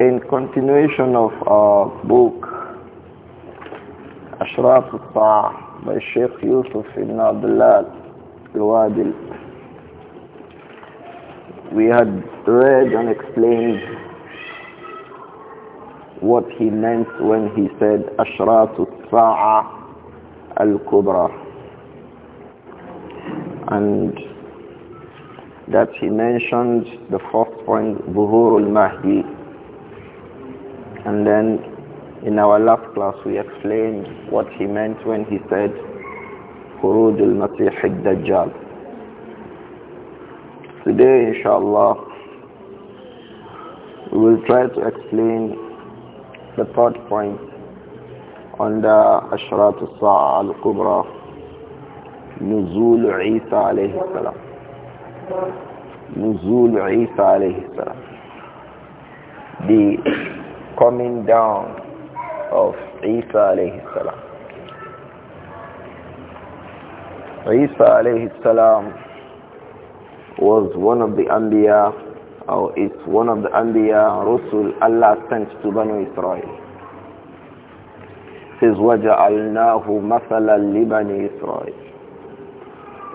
In continuation of our book أشراف الطاعة by Sheikh Yusuf Ibn Abdullah Al-Wadil we had read and explained what he meant when he said أشراف Al Kubra." and that he mentioned the fourth point, Buhurul Mahdi. And then in our last class we explained what he meant when he said, Khurujul Masih Dajjal. Today, inshallah, we will try to explain the third point on the Ashrat al-Sa'a al-Kubra نزول عيسى عليه السلام نزول عيسى عليه السلام the coming down of عيسى عليه السلام عيسى عليه السلام was one of the Anbiya or is one of the Anbiya Rasul Allah sent to Banu Israel says وَجَعَلْنَاهُ مَثَلًا لِبَنِي إِسْرَائِيلَ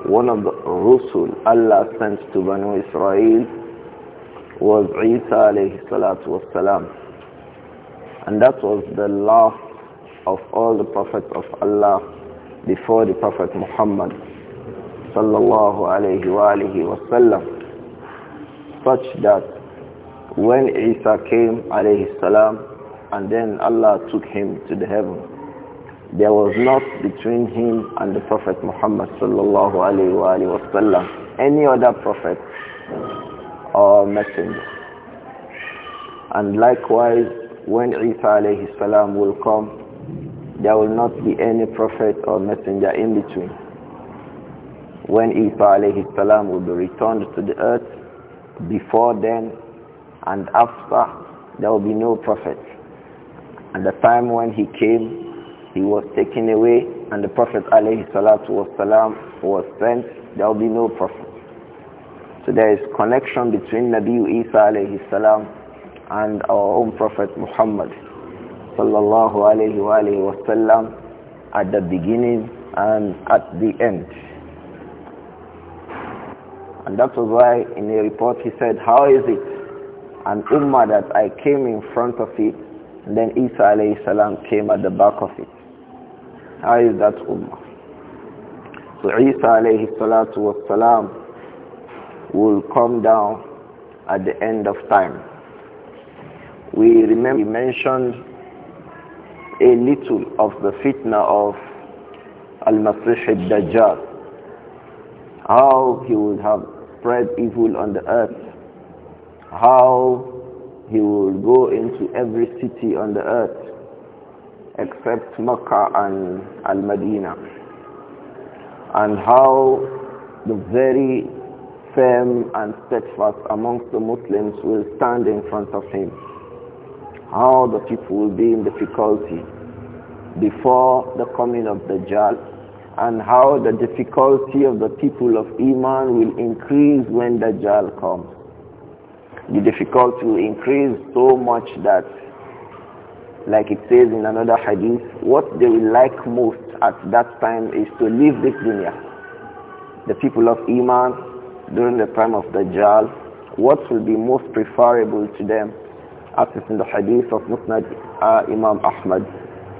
one of the Rusul Allah sent to Banu Israel was Isa alayhi salatu wasalam. And that was the last of all the prophets of Allah before the Prophet Muhammad sallallahu alayhi wa alihi wasallam such that when Isa came alayhi salam and then Allah took him to the heaven there was not between him and the Prophet Muhammad sallallahu alaihi wa, any other prophet or messenger. And likewise, when Isa alayhi salam will come, there will not be any prophet or messenger in between. When Isa alayhi salam will be returned to the earth, before then and after, there will be no prophet. And the time when he came, he was taken away and the Prophet alayhi was sent, there will be no Prophet. So there is connection between Nabi Isa alayhi salam and our own Prophet Muhammad sallallahu alayhi at the beginning and at the end. And that was why in a report he said, how is it an ummah that I came in front of it and then Isa alayhi salam came at the back of it. How is that ummah? So Isa alayhi salatu was will come down at the end of time. We remember mentioned a little of the fitna of Al-Masih al-Dajjal. How he would have spread evil on the earth. How he would go into every city on the earth except Mecca and Al-Madinah and how the very firm and steadfast amongst the Muslims will stand in front of him. How the people will be in difficulty before the coming of the Dajjal and how the difficulty of the people of Iman will increase when the Dajjal comes. The difficulty will increase so much that like it says in another hadith, what they will like most at that time is to leave this dunya. The people of Iman during the time of Dajjal, what will be most preferable to them, as is in the hadith of Musnad uh, Imam Ahmad,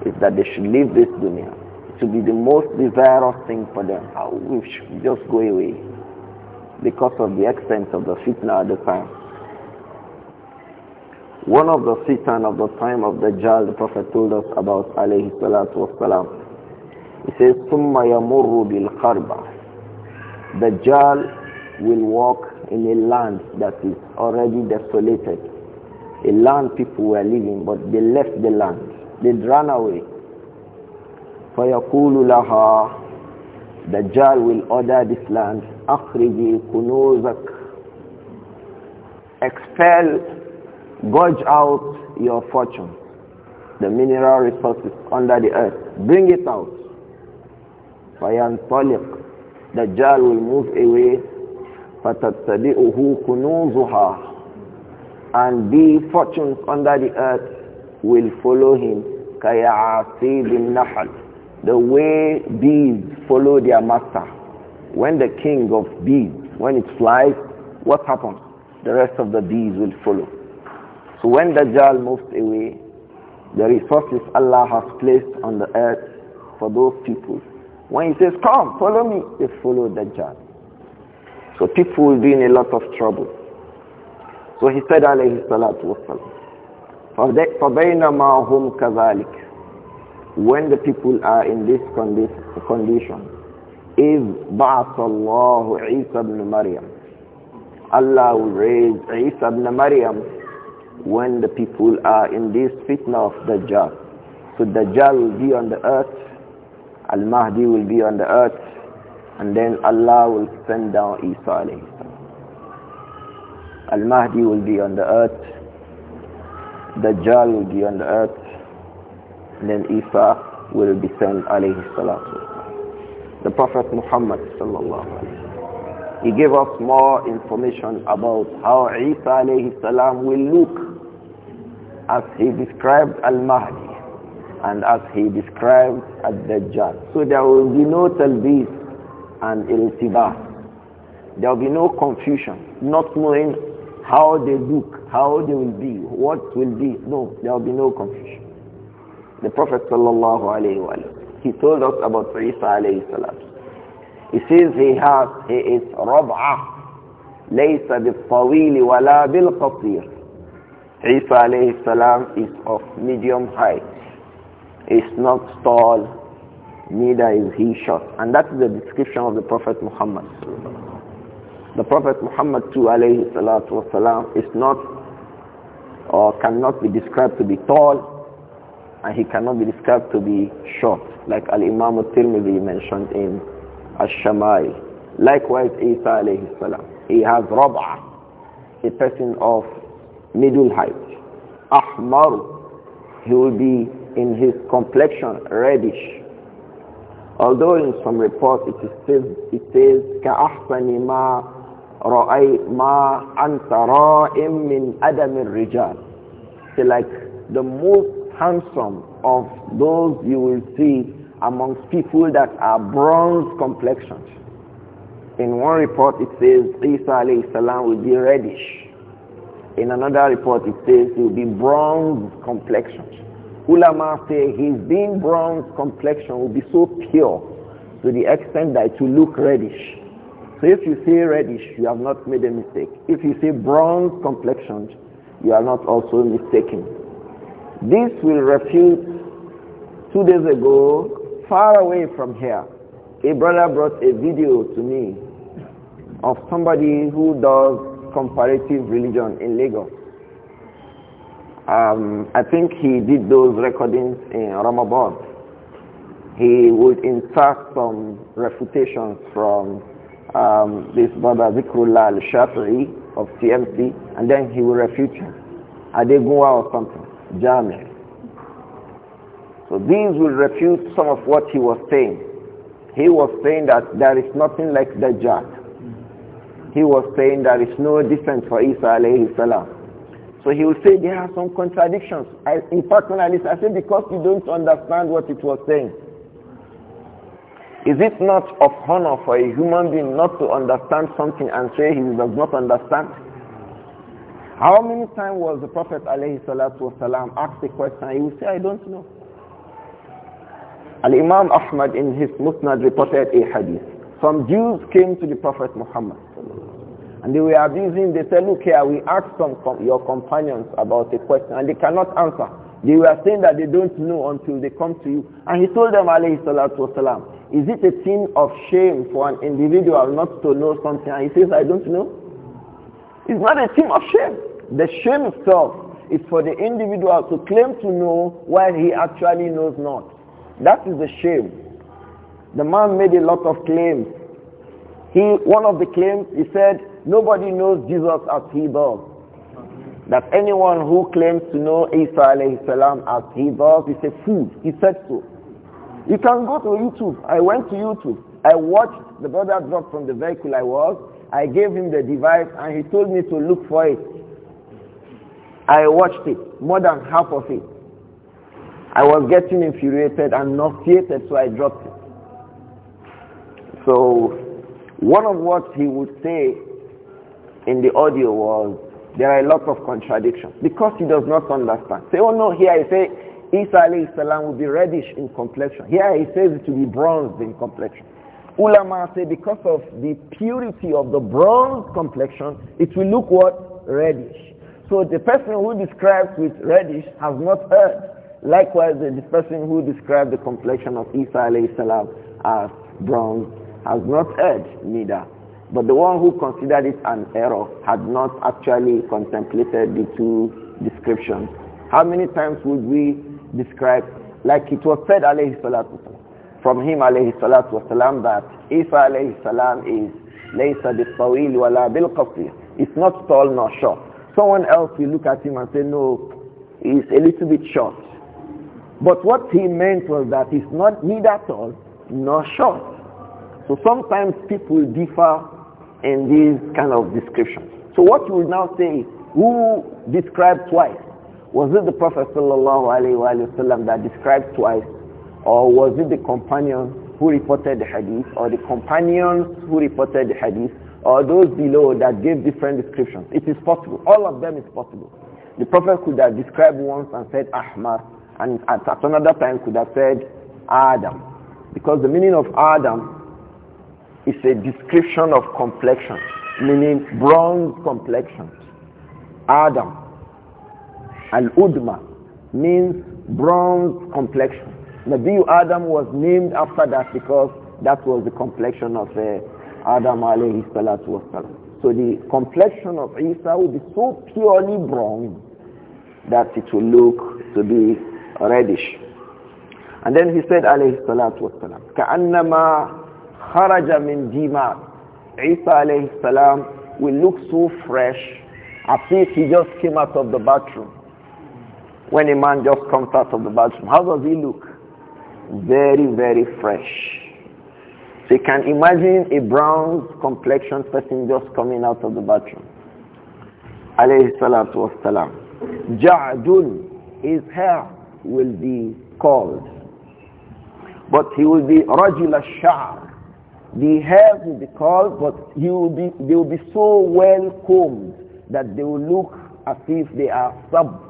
is that they should leave this dunya. It should be the most desirous thing for them. Oh, we should just go away because of the extent of the fitna at the time. One of the fitan of the time of Dajjal, the Prophet told us about alayhi salatu wasalam. He says, ثُمَّ يَمُرُّ بِالْقَرْبَ Dajjal will walk in a land that is already desolated. A land people were living, but they left the land. They ran away. فَيَقُولُ لَهَا Dajjal will order this land, أَخْرِجِي كُنُوزَكَ Expel Gouge out your fortune, the mineral resources under the earth. Bring it out. the Dajjal will move away. فَتَتَّبِئُهُ كُنُوزُهَا And the fortunes under the earth will follow him. كَيَعَصِيبِ النَّحَلِ The way bees follow their master. When the king of bees, when it flies, what happens? The rest of the bees will follow. So when Dajjal moves away, the resources Allah has placed on the earth for those people, when he says, come, follow me, they follow Dajjal. So people will be in a lot of trouble. So he said, alayhi salatu wasalam, فَبَيْنَمَا هُمْ كَذَلِكَ When the people are in this condition, if بَعَثَ اللَّهُ عِيسَى ibn Maryam. Allah will raise Isa ibn Maryam when the people are in this fitna of Dajjal. So Dajjal will be on the earth, Al-Mahdi will be on the earth, and then Allah will send down Isa alayhi Al-Mahdi will be on the earth, Dajjal will be on the earth, and then Isa will be sent alayhi salatu. The Prophet Muhammad sallallahu alayhi he gave us more information about how Isa alayhi salam will look as he described Al-Mahdi and as he described Al-Dajjal. So there will be no talbis and iltibas. There will be no confusion, not knowing how they look, how they will be, what will be. No, there will be no confusion. The Prophet sallallahu alayhi wa he told us about Isa alayhi salam. He says he has, he is ربعة ليس بالطويل ولا بالقصير عيسى عليه السلام is of medium height. Is not tall, neither is he short. And that is the description of the Prophet Muhammad. The Prophet Muhammad too alayhi salatu wasalam is not or cannot be described to be tall and he cannot be described to be short like Al-Imam al-Tirmidhi mentioned in Ash-Shamai. Likewise, Isa alayhi salam. He has Rab'ah, a person of middle height. Ahmar, he will be in his complexion reddish. Although in some reports it is says, it says كَأَحْسَنِ مَا رَأَيْ مَا أَنْتَ رَائِمْ مِنْ أَدَمِ الرِّجَالِ So like the most handsome of those you will see amongst people that are bronze complexioned. In one report it says Isa alayhi salam will be reddish. In another report it says he will be bronze complexioned. Ulama say his being bronze complexion will be so pure to the extent that it will look reddish. So if you say reddish, you have not made a mistake. If you say bronze complexioned, you are not also mistaken. This will refute two days ago far away from here, a brother brought a video to me of somebody who does comparative religion in Lagos. Um, I think he did those recordings in Ramadan. He would insert some refutations from um, this brother Zikrullah al-Shafi'i of TMT, and then he would refute him. Adegunwa or something, Jami. So these will refute some of what he was saying. He was saying that there is nothing like Dajjal. He was saying there is no difference for Isa alayhi salam. So he will say there are some contradictions. I, in fact, when I listen, I say because you don't understand what it was saying. Is it not of honor for a human being not to understand something and say he does not understand? How many times was the Prophet alayhi salatu wasalam asked a question? He would say, I don't know. Al-Imam Ahmad in his Musnad reported a hadith. Some Jews came to the Prophet Muhammad and they were abusing, they said, look here, we asked some com your companions about a question and they cannot answer. They were saying that they don't know until they come to you. And he told them, alayhi salatu wasalam, is it a thing of shame for an individual not to know something? And he says, I don't know. It's not a thing of shame. The shame itself is for the individual to claim to know when he actually knows not. That is a shame. The man made a lot of claims. He, one of the claims, he said, nobody knows Jesus as he does. That anyone who claims to know Isa alayhi salam as he does is a fool. He said so. You can go to YouTube. I went to YouTube. I watched the brother drop from the vehicle I was. I gave him the device and he told me to look for it. I watched it, more than half of it. I was getting infuriated and nauseated, so I dropped it. So one of what he would say in the audio was, there are a lot of contradictions because he does not understand. Say, oh no, here I say Isa alayhi salam will be reddish in complexion. Here he says it will be bronze in complexion. Ulama say because of the purity of the bronze complexion, it will look what? Reddish. So the person who describes with reddish has not heard. Likewise, the person who described the complexion of Isa salam as bronze has not erred neither. But the one who considered it an error had not actually contemplated the two descriptions. How many times would we describe, like it was said alayhi salatu from him alayhi salatu wasalam that Isa alayhi salam is laysa bil wala It's not tall nor short. Someone else will look at him and say, no, he's a little bit short. But what he meant was that it's not neither tall nor short. So sometimes people differ in these kind of descriptions. So what you would now say who described twice? Was it the Prophet wasallam that described twice? Or was it the companion who reported the hadith? Or the companions who reported the hadith? Or those below that gave different descriptions? It is possible. All of them is possible. The Prophet could have described once and said Ahmar and at, at another time could have said Adam. Because the meaning of Adam is a description of complexion, meaning bronze complexion. Adam, Al-Udma, means bronze complexion. Nabi Adam was named after that because that was the complexion of uh, Adam alayhi salatu wasalam. So the complexion of Isa would be so purely bronze that it will look to be reddish. And then he said, alayhi salatu wasalam, كَأَنَّمَا خَرَجَ مِنْ دِمَا Isa alayhi salam will look so fresh as if he just came out of the bathroom. When a man just comes out of the bathroom, how does he look? Very, very fresh. So you can imagine a brown complexioned person just coming out of the bathroom. Alayhi salatu wasalam. Ja'dun, his hair will be called. But he will be Rajul Ashar. The hair will be called, but he will be, they will be so well combed that they will look as if they are sub.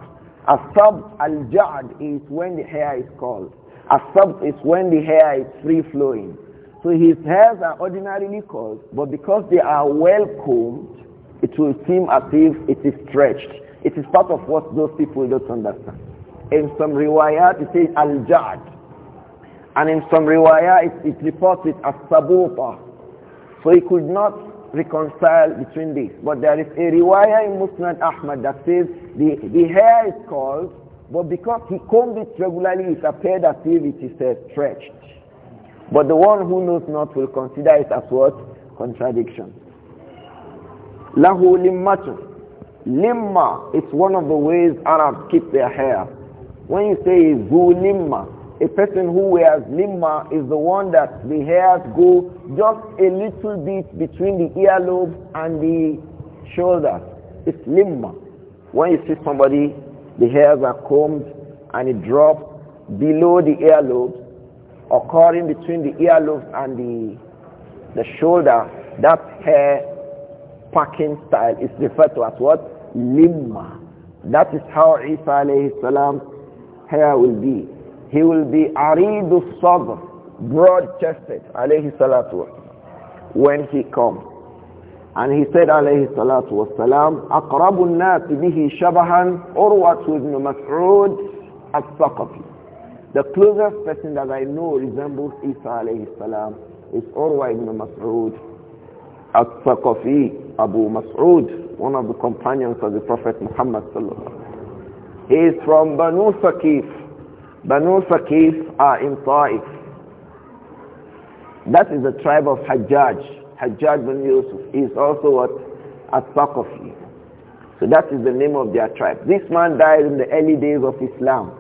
A sub al-jad is when the hair is called. A sub is when the hair is free flowing. So his hairs are ordinarily called, but because they are well combed, it will seem as if it is stretched. It is part of what those people don't understand. In some riwayat it says al jad And in some riwayat it, it reports it as sabuta. So he could not reconcile between these. But there is a riwayat in Musnad Ahmad that says the, the hair is called, but because he combed it regularly, it appeared as if it is uh, stretched. But the one who knows not will consider it as what? Contradiction. Lahu limmatu. Limma is one of the ways Arabs keep their hair. When you say zu limma, a person who wears limma is the one that the hairs go just a little bit between the earlobe and the shoulder. It's limma. When you see somebody, the hairs are combed and it drops below the earlobe, occurring between the earlobe and the, the shoulder, that hair packing style is referred to as what? Limma. That is how Isa alayhi salam hair will be. He will be aridu sadr, broad-chested, alayhi salatu when he comes. And he said alayhi salatu wasalam, أقرب الناس به شبها أروة بن مسعود الثقفي. The closest person that I know resembles Isa alayhi salam is Urwa ibn Mas'ud al Abu Mas'ud, one of the companions of the Prophet Muhammad sallallahu he is from Banu Saqif. Banu Saqif are in Ta'if. That is the tribe of Hajjaj. Hajjaj bin Yusuf is also what? At-Taqafi. So that is the name of their tribe. This man died in the early days of Islam.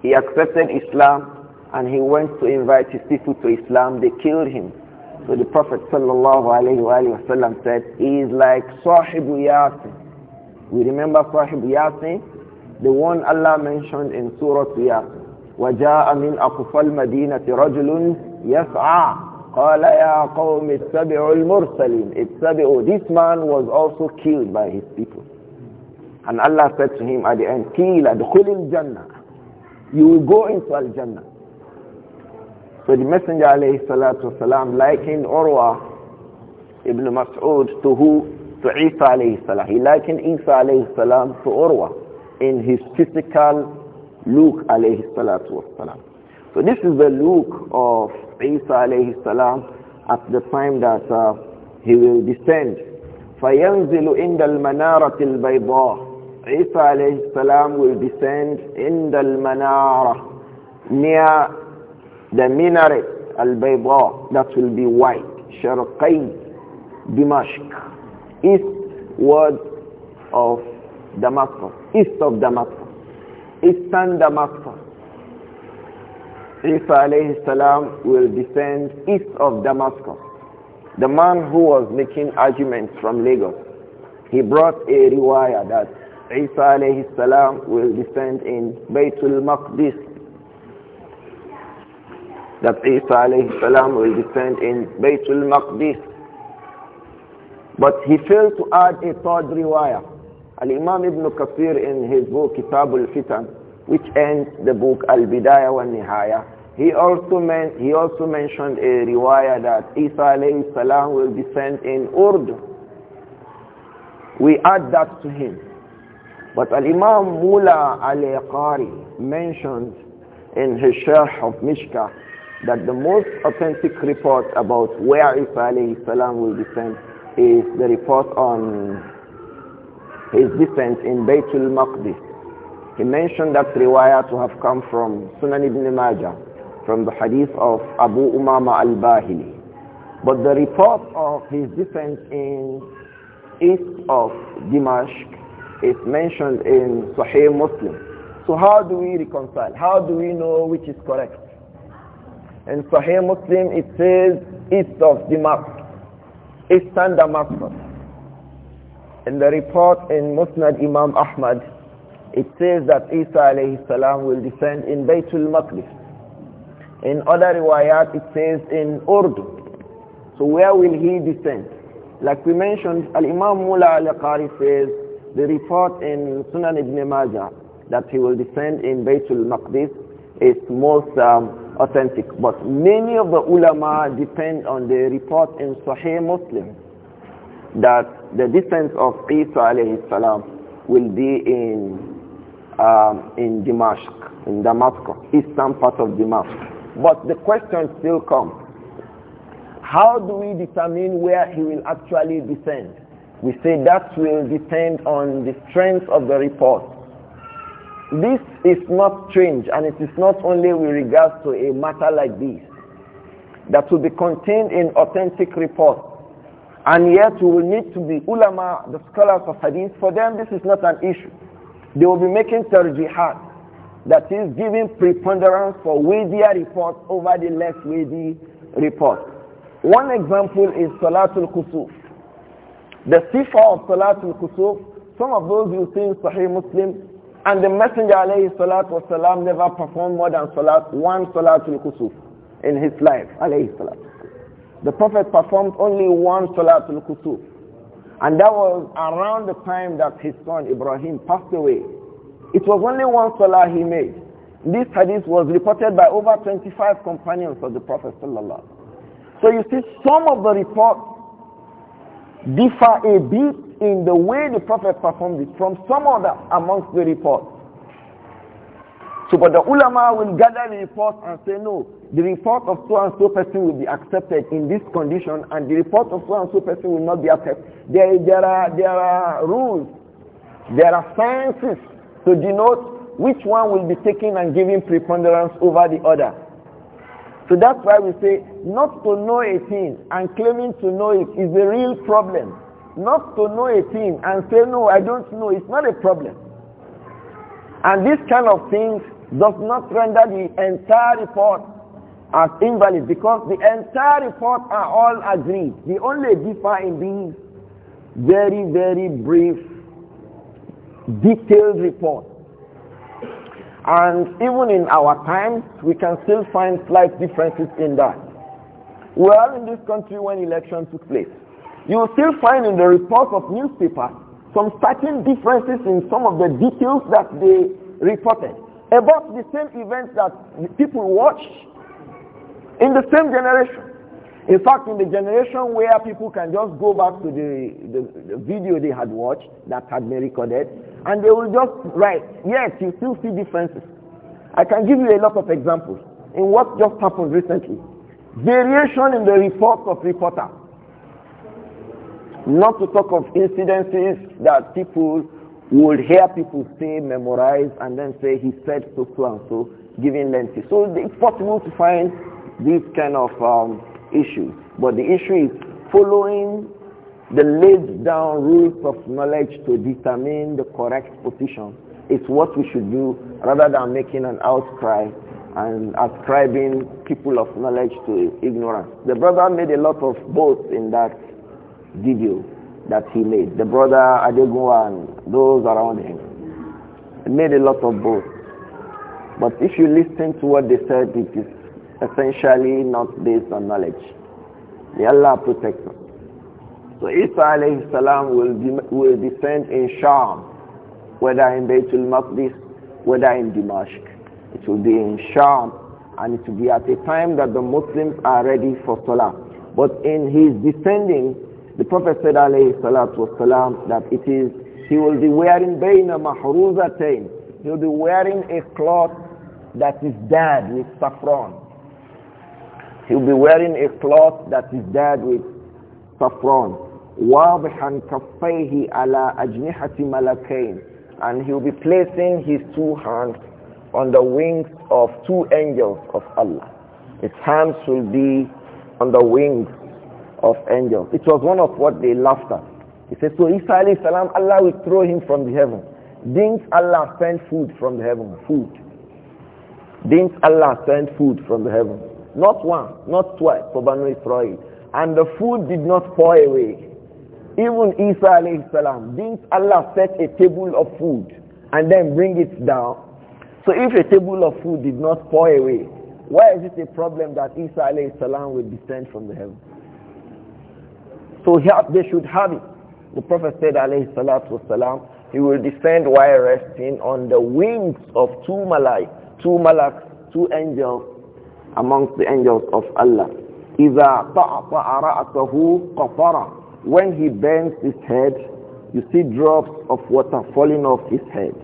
He accepted Islam and he went to invite his people to Islam. They killed him. So the Prophet wasallam said, he is like Sahib Yasin. We remember Sahib Yasin? The one Allah mentioned in Surah Yasin. وجاء من أَقْفَى المدينة رجل يسعى قال يا قوم اتبعوا المرسلين اتبعوا This man was also killed by his people. And Allah said to him at the end, قيل دُخُلِ الجنة. You will go into Al-Jannah. So the Messenger alayhi salatu wasalam likened Urwa ibn Mas'ud to who? To Isa alayhi salam. He likened Isa alayhi salam to Urwa. in his physical look alayhi salatu wasalam. So this is the look of Isa alayhi salam at the time that uh, he will descend. فَيَنْزِلُ إِنْدَ الْمَنَارَةِ الْبَيْضَاءِ Isa alayhi salam will descend in the manara near the minaret al-bayda that will be white. شرقي Dimashq eastward of Damascus, east of Damascus, eastern Damascus. Isa alayhi salam will descend east of Damascus. The man who was making arguments from Lagos, he brought a riwayah that Isa alayhi salam will descend in Baytul Maqdis. That Isa alayhi salam will descend in Baytul Maqdis. But he failed to add a third riwayah. Al-Imam Ibn Kathir in his book Kitab al-Fitan, which ends the book Al-Bidayah wa Nihaya, he also, men he also mentioned a riwayah that Isa alayhi salam will be sent in Urdu. We add that to him. But Al-Imam Mula al-Iqari mentioned in his Sharh of Mishka that the most authentic report about where Isa alayhi salam will be sent is the report on his defense in Baytul Maqdis. He mentioned that riwayah to have come from Sunan ibn Majah, from the hadith of Abu Umama al-Bahili. But the report of his defense in east of Dimashq is mentioned in Sahih Muslim. So how do we reconcile? How do we know which is correct? In Sahih Muslim it says east of Damascus, eastern Damascus. In the report in Musnad Imam Ahmad, it says that Isa alayhi salam will descend in Baytul Maqdis. In other riwayat, it says in Urdu. So where will he descend? Like we mentioned, Al-Imam Mula al-Qari says, the report in Sunan ibn Majah that he will descend in Baytul Maqdis is most um, authentic. But many of the ulama depend on the report in Sahih Muslim that the descent of Isa alayhi salam will be in um, in Damascus, in Damascus, eastern part of Damascus. But the question still comes: How do we determine where he will actually descend? We say that will depend on the strength of the report. This is not strange, and it is not only with regards to a matter like this that will be contained in authentic reports and yet we will need to be ulama, the scholars of hadith. For them, this is not an issue. They will be making tarjihat, that is giving preponderance for weightier reports over the less weighty reports. One example is Salatul Kusuf. The sifa of Salatul Kusuf, some of those you see in Sahih Muslim, and the Messenger alayhi salatu wasalam never performed more than salat, one Salatul Kusuf in his life, alayhi salatu the Prophet performed only one Salatul Kusuf. And that was around the time that his son Ibrahim passed away. It was only one Salah he made. This hadith was reported by over 25 companions of the Prophet Sallallahu So you see, some of the reports differ a bit in the way the Prophet performed it from some other amongst the reports. So, but the ulama will gather the reports and say, no, the report of so and so person will be accepted in this condition, and the report of so and so person will not be accepted. There, there are there are rules, there are sciences to denote which one will be taken and given preponderance over the other. So that's why we say not to know a thing and claiming to know it is a real problem. Not to know a thing and say no, I don't know, it's not a problem. And these kind of things does not render the entire report as invalid because the entire report are all agreed. The only differ in these very, very brief, detailed report. And even in our times, we can still find slight differences in that. Well, in this country when election took place, you will still find in the reports of newspapers some certain differences in some of the details that they reported about the same events that people watch in the same generation. In fact, in the generation where people can just go back to the, the, the, video they had watched that had been recorded, and they will just write, yes, you still see differences. I can give you a lot of examples in what just happened recently. Variation in the reports of reporters. Not to talk of incidences that people you hear people say, memorize, and then say, he said so, so, and so, giving lengthy. So it's possible to find these kind of um, issues. But the issue is following the laid down rules of knowledge to determine the correct position. It's what we should do rather than making an outcry and ascribing people of knowledge to ignorance. The brother made a lot of both in that video that he made. The brother Adegunwa and those around him. made a lot of both. But if you listen to what they said, it is essentially not based on knowledge. May Allah protect them. So Isa alayhi salam will, will descend in Sham, whether in Baytul Maqdis, whether in Damascus. It will be in Sham, and it will be at a time that the Muslims are ready for Salah. But in his descending, the Prophet said والسلام, that it is, he will be wearing bayna mahruzatain. He will be wearing a cloth that is dyed with saffron. He will be wearing a cloth that is dyed with saffron. وَاضِحًا كَفَّيْهِ عَلَى ajnihati malakain, And he will be placing his two hands on the wings of two angels of Allah. His hands will be on the wings of angels. It was one of what they laughed at. He said, so Isa alayhi salam, Allah will throw him from the heaven. Didn't Allah send food from the heaven? Food. Didn't Allah send food from the heaven? Not once, not twice for Banu Israel. And the food did not pour away. Even Isa alayhi salam, didn't Allah set a table of food and then bring it down? So if a table of food did not pour away, why is it a problem that Isa alayhi salam will descend from the heaven? So they should have it. The Prophet said, alayhi salatu wasalam, he will descend while resting on the wings of two malai, two malaks, two angels amongst the angels of Allah. إِذَا طَعْطَعَ رَأْسَهُ قَطَرًا When he bends his head, you see drops of water falling off his head.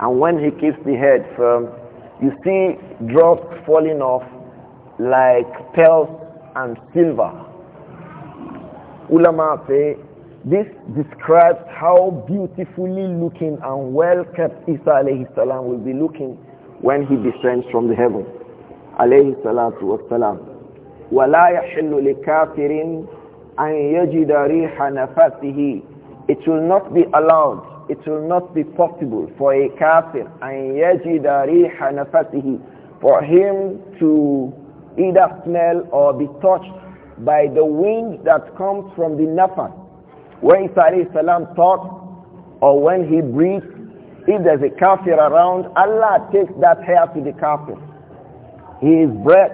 And when he keeps the head firm, you see drops falling off like pearls and silver Ulama say this describes how beautifully looking and well kept Isa alayhi salam will be looking when he descends from the heaven. Alayhi salatu wassalam. وَلَا يَحِلُّ لِكَافِرٍ أَن It will not be allowed, it will not be possible for a kafir أَن يَجِدَ رِيحَ For him to either smell or be touched by the wind that comes from the nafas. When Isa alayhi salam thought or when he breathed, if there's a kafir around, Allah takes that hair to the kafir. His breath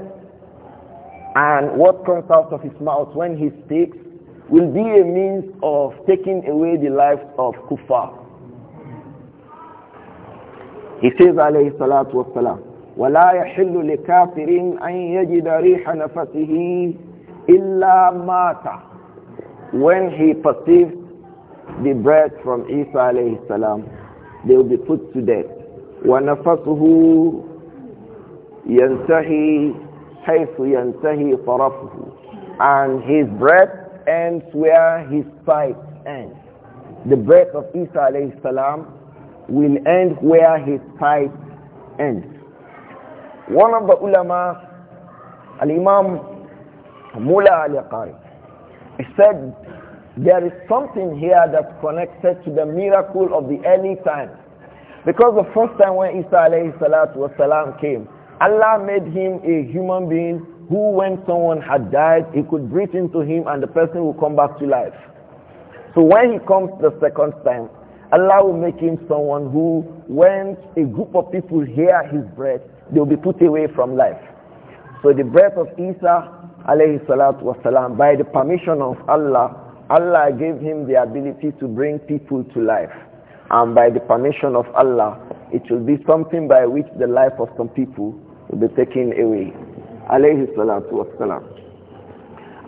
and what comes out of his mouth when he speaks will be a means of taking away the life of kuffar. He says alayhi salatu wasalam, وَلَا يَحِلُّ لِكَافِرٍ أَن يَجِدَ رِيحَ نَفَسِهِ illa mata when he perceived the breath from Isa alayhi salam they will be put to death ونفسه ينتهي حيث ينتهي طرفه and his breath ends where his pipe ends the breath of Isa alayhi salam will end where his pipe ends one of the ulama al-imam Mula Ali qari. He said, there is something here that's connected to the miracle of the early time. Because the first time when Isa alayhi salatu salam came, Allah made him a human being who when someone had died, he could breathe into him and the person will come back to life. So when he comes the second time, Allah will make him someone who when a group of people hear his breath, they'll be put away from life. So the breath of Isa alayhi salatu wasalam, by the permission of Allah, Allah gave him the ability to bring people to life. And by the permission of Allah, it will be something by which the life of some people will be taken away. Alayhi salatu wasalam.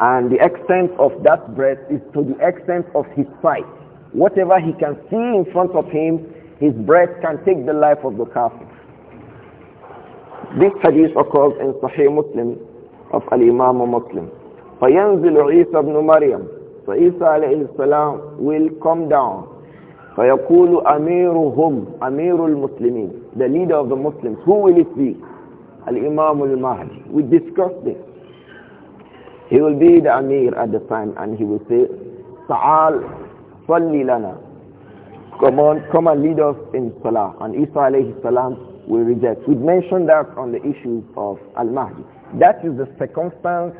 And the extent of that breath is to the extent of his sight. Whatever he can see in front of him, his breath can take the life of the calf. This hadith occurs in Sahih Muslim of Al-Imam Muslim. فَيَنْزِلُ عِيسَى بن مريم فعيسى عليه السلام will come down. فَيَقُولُ أَمِيرُهُمْ أَمِيرُ الْمُسْلِمِينَ The leader of the Muslims. Who will it be? Al-Imam al-Mahdi. We discussed this. He will be the Amir at the time and he will say, Sa'al صلي لنا Come on, come and lead us in Salah. And Isa alayhi salam will reject. We mentioned that on the issues of Al-Mahdi. That is the circumstance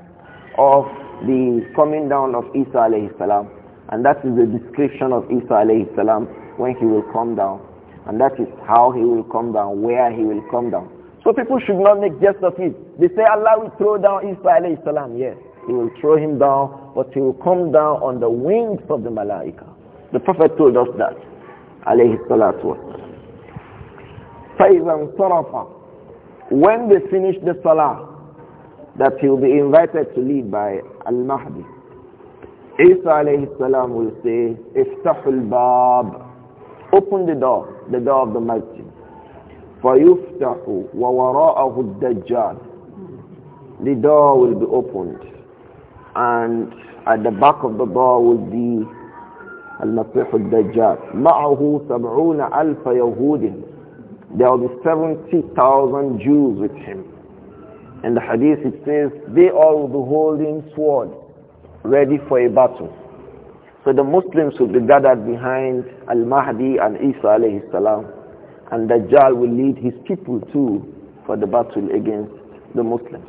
of the coming down of Isa alayhi salam. And that is the description of Isa alayhi salam when he will come down. And that is how he will come down, where he will come down. So people should not make jest of it. They say Allah will throw down Isa alayhi salam. Yes, he will throw him down, but he will come down on the wings of the malaika. The Prophet told us that. Alayhi salatu When they finish the salah, that he will be invited to lead by Al-Mahdi. Isa alayhi salam will say, al Bab, open the door, the door of the masjid. فَيُفْتَحُ وَوَرَاءَهُ الدَّجَّالِ The door will be opened and at the back of the door will be Al-Masih al-Dajjal. مَعَهُ سَبْعُونَ أَلْفَ يَهُودٍ There will be 70,000 Jews with him. In the hadith it says, they all will be holding sword ready for a battle. So the Muslims will be gathered behind Al-Mahdi and Isa alayhi salam. And Dajjal will lead his people too for the battle against the Muslims.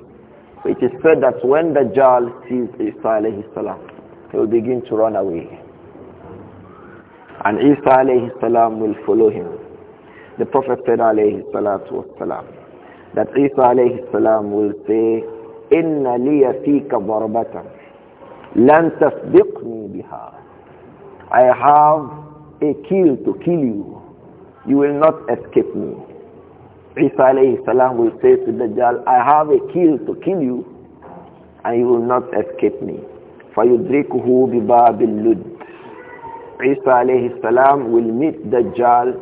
So it is said that when Dajjal sees Isa alayhi salam, he will begin to run away. And Isa alayhi salam will follow him. The Prophet said alayhi salatu wasalam, that Isa alayhi salam will say, "Inna liya فِيكَ ضَرْبَةً lan tasbiqni biha." I have a kill to kill you. You will not escape me. Isa alayhi salam will say to Dajjal, I have a kill to kill you and you will not escape me. فَيُدْرِكُهُ بِبَابِ اللُّدِّ Isa alayhi salam will meet Dajjal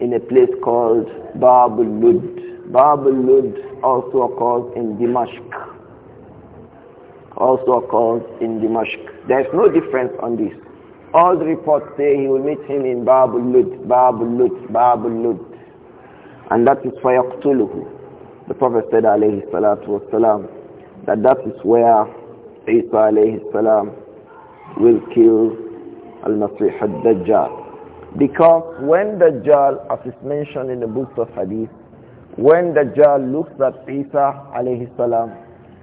in a place called Babul Bab also occurs in Dimashq. Also occurs in Dimashq. There is no difference on this. All the reports say he will meet him in Bab al-Lud, lud lud And that is فَيَقْتُلُهُ The Prophet said alayhi salatu wasalam that that is where Isa alayhi salam will kill al-Masih al-Dajjal. Because when Dajjal, as is mentioned in the books of Hadith, when Dajjal looks at Isa alayhi salam,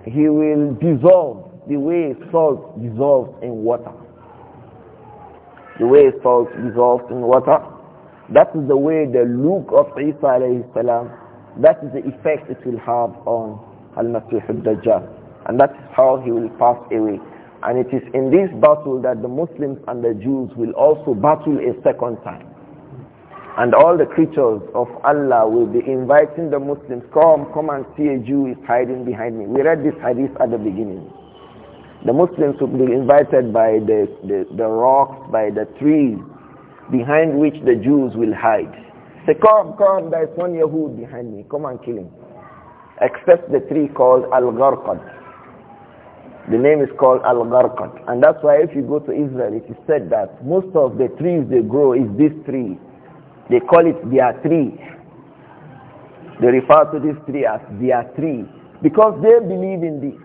he will dissolve the way salt dissolves in water. The way salt dissolves in water. That is the way the look of Isa alayhi salam, that is the effect it will have on Al-Masih al-Dajjal. And that's how he will pass away. And it is in this battle that the Muslims and the Jews will also battle a second time. And all the creatures of Allah will be inviting the Muslims, come, come and see a Jew is hiding behind me. We read this hadith at the beginning. The Muslims will be invited by the, the, the rocks, by the trees, behind which the Jews will hide. Say, come, come, there is one Yahud behind me. Come and kill him. Except the tree called Al-Gharqad. The name is called Al-Gharqad. And that's why if you go to Israel, it is said that most of the trees they grow is this tree. They call it their tree. They refer to this tree as their tree because they believe in this.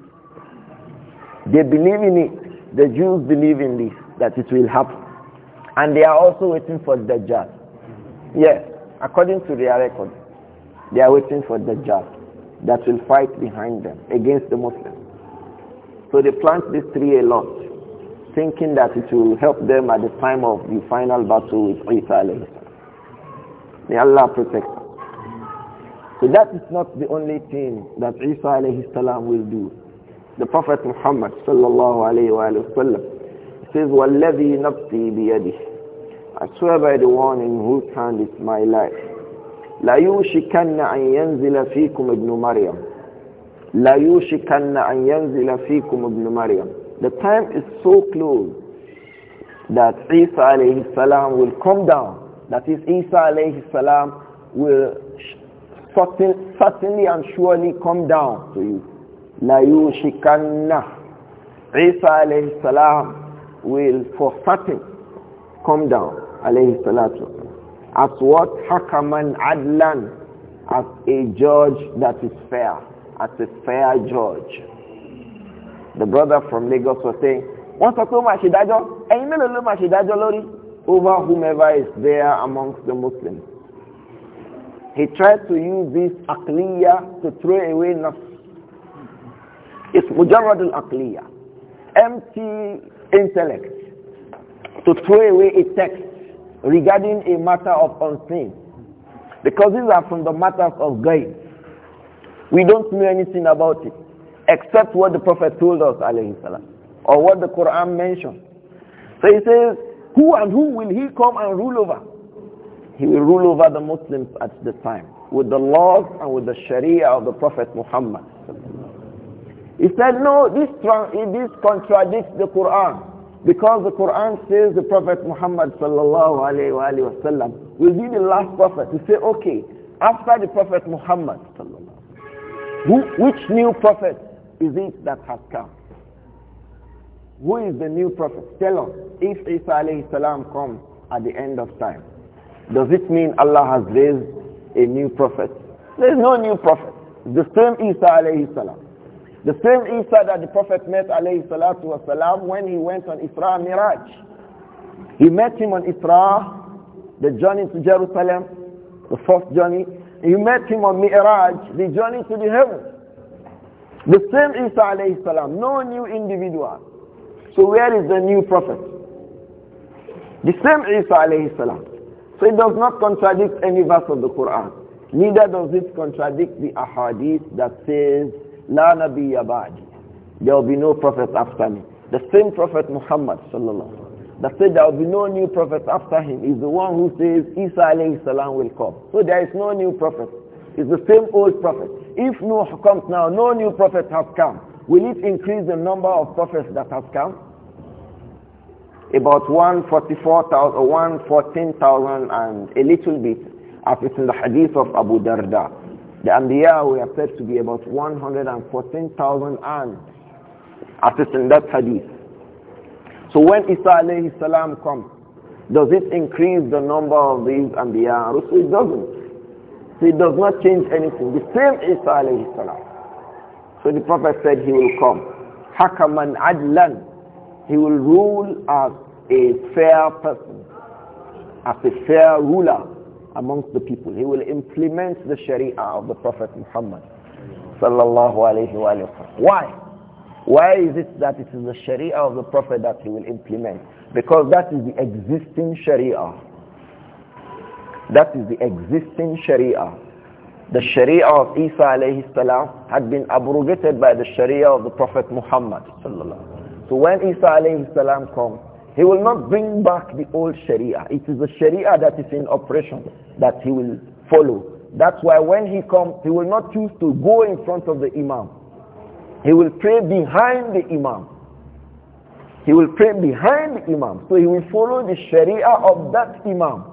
They believe in it. The Jews believe in this, that it will happen. And they are also waiting for the Dajjal. Yes, according to their record, they are waiting for the Dajjal that will fight behind them against the Muslims. So they plant this tree a lot, thinking that it will help them at the time of the final battle with Isa May Allah protect us. So that is not the only thing that Isa alayhi salam will do. The Prophet Muhammad sallallahu alayhi wa sallam says, وَالَّذِي نَفْسِي بِيَدِهِ I swear by the one in whose hand is my life. لا يوشكن أن ينزل فيكم ابن مريم لا يوشكن أن ينزل فيكم ابن مريم The time is so close that Isa alayhi salam will come down that is, Isa alayhi salam will certain, certainly and surely come down to you. La yushikanna. Isa alayhi salam will for certain come down alayhi salatu as what hakaman adlan as a judge that is fair as a fair judge the brother from lagos was saying wọ́n sọ pé ó máa ṣèdájọ́ ẹ̀yin mélòó ló máa ṣèdájọ́ lórí over whomever is there amongst the Muslims. He tried to use this akliya to throw away nafs. It's mujarrad al akliya, empty intellect, to throw away a text regarding a matter of unseen. Because these are from the matters of guidance. We don't know anything about it except what the Prophet told us, alayhi salam, or what the Quran mentioned. So he says, who and who will he come and rule over? He will rule over the Muslims at the time with the laws and with the Sharia of the Prophet Muhammad. He said, no, this, this contradicts the Quran because the Quran says the Prophet Muhammad sallallahu will be the last prophet. He say, okay, after the Prophet Muhammad who? which new prophet is it that has come? Who is the new prophet? Tell us, if Isa alayhi salam comes at the end of time, does it mean Allah has raised a new prophet? There is no new prophet. The same Isa alayhi salam. The same Isa that the prophet met alayhi salatu wasalam when he went on Isra Miraj. He met him on Isra, the journey to Jerusalem, the fourth journey. He met him on Miraj, the journey to the heavens. The same Isa alayhi salam, no new individual. So where is the new prophet? The same Isa alayhi salam. So it does not contradict any verse of the Quran. Neither does it contradict the ahadith that says, La Nabi Yabadi. There will be no prophet after me. The same prophet Muhammad sallallahu that said there will be no new prophet after him is the one who says Isa alayhi salam will come. So there is no new prophet. It's the same old prophet. If Nuh comes now, no new prophet has come. Will it increase the number of prophets that has come? about 144,000 or 114,000 and a little bit as it's in the hadith of Abu Darda. The Anbiya were said to be about 114,000 and as it's in that hadith. So when Isa alayhi salam comes, does it increase the number of these Anbiya and Rusul? It doesn't. So it does not change anything. The same Isa alayhi salam. So the Prophet said he will come. Hakaman adlan he will rule as a fair person, as a fair ruler amongst the people. He will implement the Sharia of the Prophet Muhammad sallallahu alayhi wa Why? Why is it that it is the Sharia of the Prophet that he will implement? Because that is the existing Sharia. That is the existing Sharia. The Sharia of Isa alayhi salam had been abrogated by the Sharia of the Prophet Muhammad sallallahu so when Isa alayhi salam comes, he will not bring back the old Sharia. It is the Sharia that is in operation that he will follow. That's why when he comes, he will not choose to go in front of the Imam. He will pray behind the Imam. He will pray behind the Imam. So he will follow the Sharia of that Imam.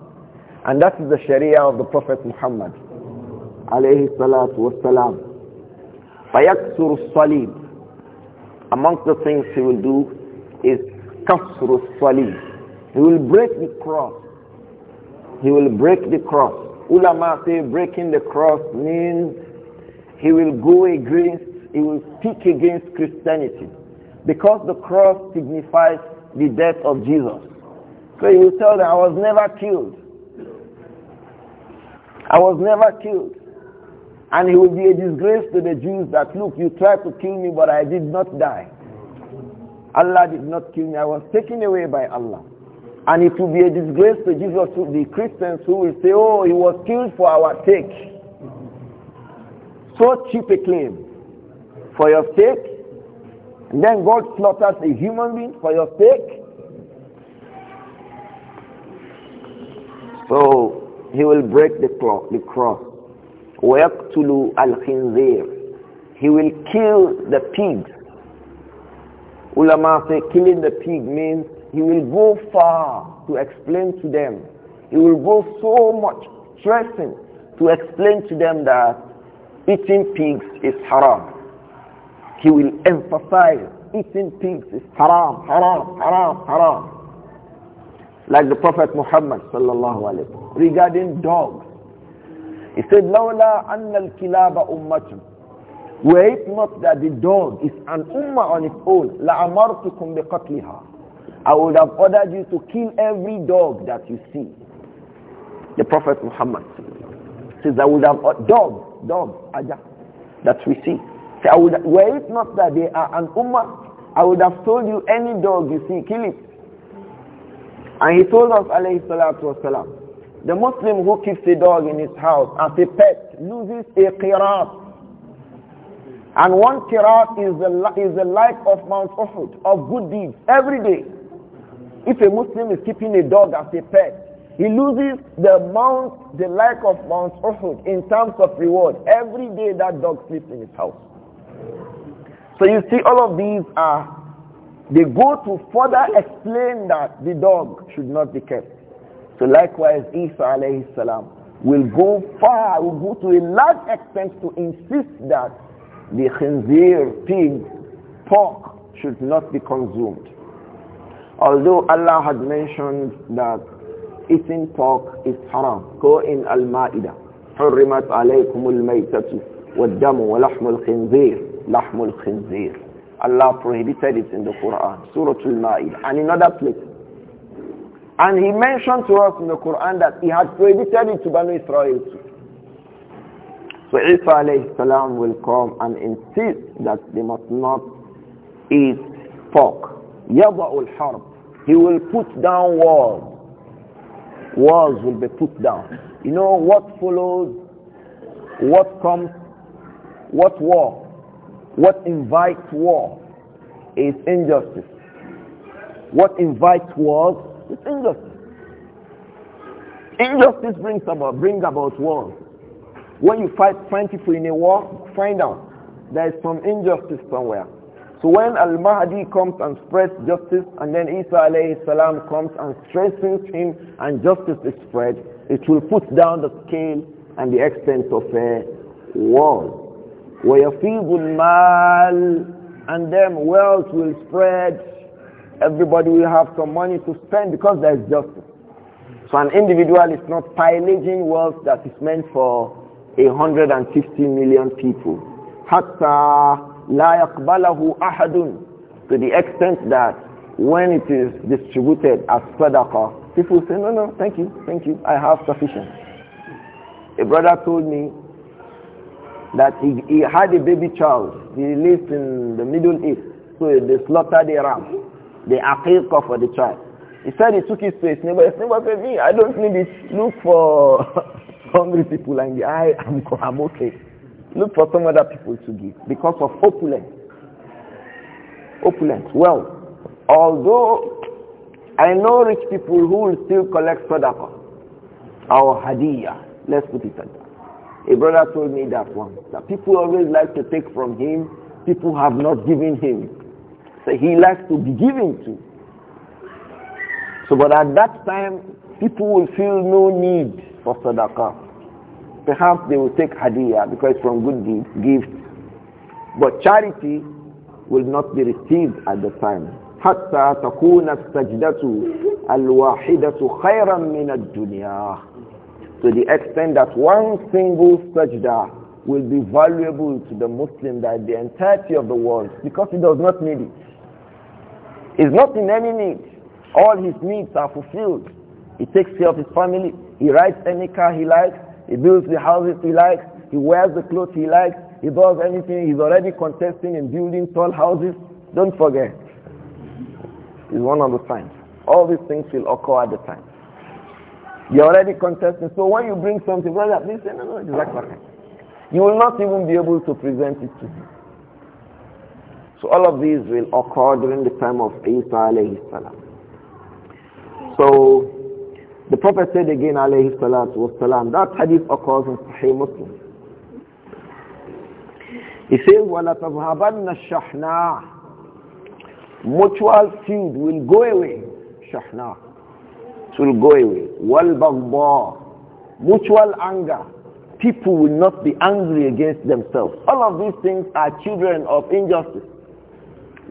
And that is the Sharia of the Prophet Muhammad. Alayhi salatu wasalam. فيكسر الصليب amongst the things he will do is kasru swali. He will break the cross. He will break the cross. Ulama say breaking the cross means he will go against, he will speak against Christianity. Because the cross signifies the death of Jesus. So he will tell them, I was never killed. I was never killed. And he will be a disgrace to the Jews that, look, you tried to kill me, but I did not die. Allah did not kill me. I was taken away by Allah. And it will be a disgrace to Jesus, to the Christians who will say, oh, he was killed for our sake. So cheap a claim. For your sake. And then God slaughters a human being for your sake. So he will break the, clock, the cross. He will kill the pigs. Ulama say killing the pig means he will go far to explain to them. He will go so much stressing to explain to them that eating pigs is haram. He will emphasize eating pigs is haram, haram, haram, haram. Like the Prophet Muhammad sallallahu alaihi regarding dogs he said, Lawla anna al-kilaba ummatun. Were it not that the dog is an ummah on its own, bi qatliha, I would have ordered you to kill every dog that you see. The Prophet Muhammad says, I would have, uh, dog, dogs, ajah, that we see. Say, I would, were it not that they are an ummah, I would have told you any dog you see, kill it. And he told us, alayhi salatu wasalam, the Muslim who keeps a dog in his house as a pet loses a qirat. And one qirat is the, is the light of Mount Uhud, of good deeds, every day. If a Muslim is keeping a dog as a pet, he loses the mount, the like of Mount Uhud in terms of reward. Every day that dog sleeps in his house. So you see all of these are, they go to further explain that the dog should not be kept. So likewise, Isa alayhi salam will go far, will go to a large extent to insist that the khinzir, pig, pork should not be consumed. Although Allah had mentioned that eating pork is haram. Go in Al-Ma'idah. حرمت عليكم الميتة والدم ولحم الخنزير لحم الخنزير Allah prohibited it in the Quran, Surah Al-Ma'idah, and in other places. And he mentioned to us in the Quran that he had prohibited it to Banu Israel too. So Isa alayhi salam will come and insist that they must not eat pork. Yaba'ul harb. He will put down walls. Walls will be put down. You know what follows, what comes, what war, what invites war is injustice. What invites wars it's injustice. Injustice brings about brings about war. When you fight find people in a war, find out there is some injustice somewhere. So when Al-Mahdi comes and spreads justice, and then Isa alayhi salam comes and strengthens him, and justice is spread, it will put down the scale and the extent of a war. where وَيَفِيضُ mal And then wealth will spread everybody will have some money to spend because there is justice. So an individual is not pilaging wealth that is meant for 150 million people. حتى لا يقبله أحد to the extent that when it is distributed as sadaqah, people say, no, no, thank you, thank you, I have sufficient. A brother told me that he, he had a baby child. He lives in the Middle East. So they slaughtered a ram the aqiqah for the child. He said he took it to his neighbor. His neighbor said, me, I don't need it. Look for hungry people and I am I'm okay. Look for some other people to give because of opulence. Opulence. Well, although I know rich people who will still collect sadaqah or hadiyah. Let's put it like that. A brother told me that once. That people always like to take from him. People have not given him. So he likes to be given to. So but at that time, people will feel no need for sadaqah. Perhaps they will take hadiyah because from good deeds, gifts. But charity will not be received at the time. حتى تكون السجدة الواحدة خيرا من الدنيا to the extent that one single sajda will be valuable to the Muslim that the entirety of the world because he does not need it is not in any need. All his needs are fulfilled. He takes care of his family. He rides any car he likes. He builds the houses he likes. He wears the clothes he likes. He does anything. He's already contesting and building tall houses. Don't forget. It's one of the signs. All these things will occur at the time. You're already contesting. So when you bring something, brother, please say, no, no, it's like You will not even be able to present it to him. So all of these will occur during the time of Isa alayhi salam. So the Prophet said again alayhi salatu wasalam, that hadith occurs in Sahih Muslim. He says, وَلَتَذْهَبَنَّ الشَّحْنَاءِ Mutual feud will go away. Shahna. It will go away. وَالْبَغْضَاءِ Mutual anger. People will not be angry against themselves. All of these things are children of injustice.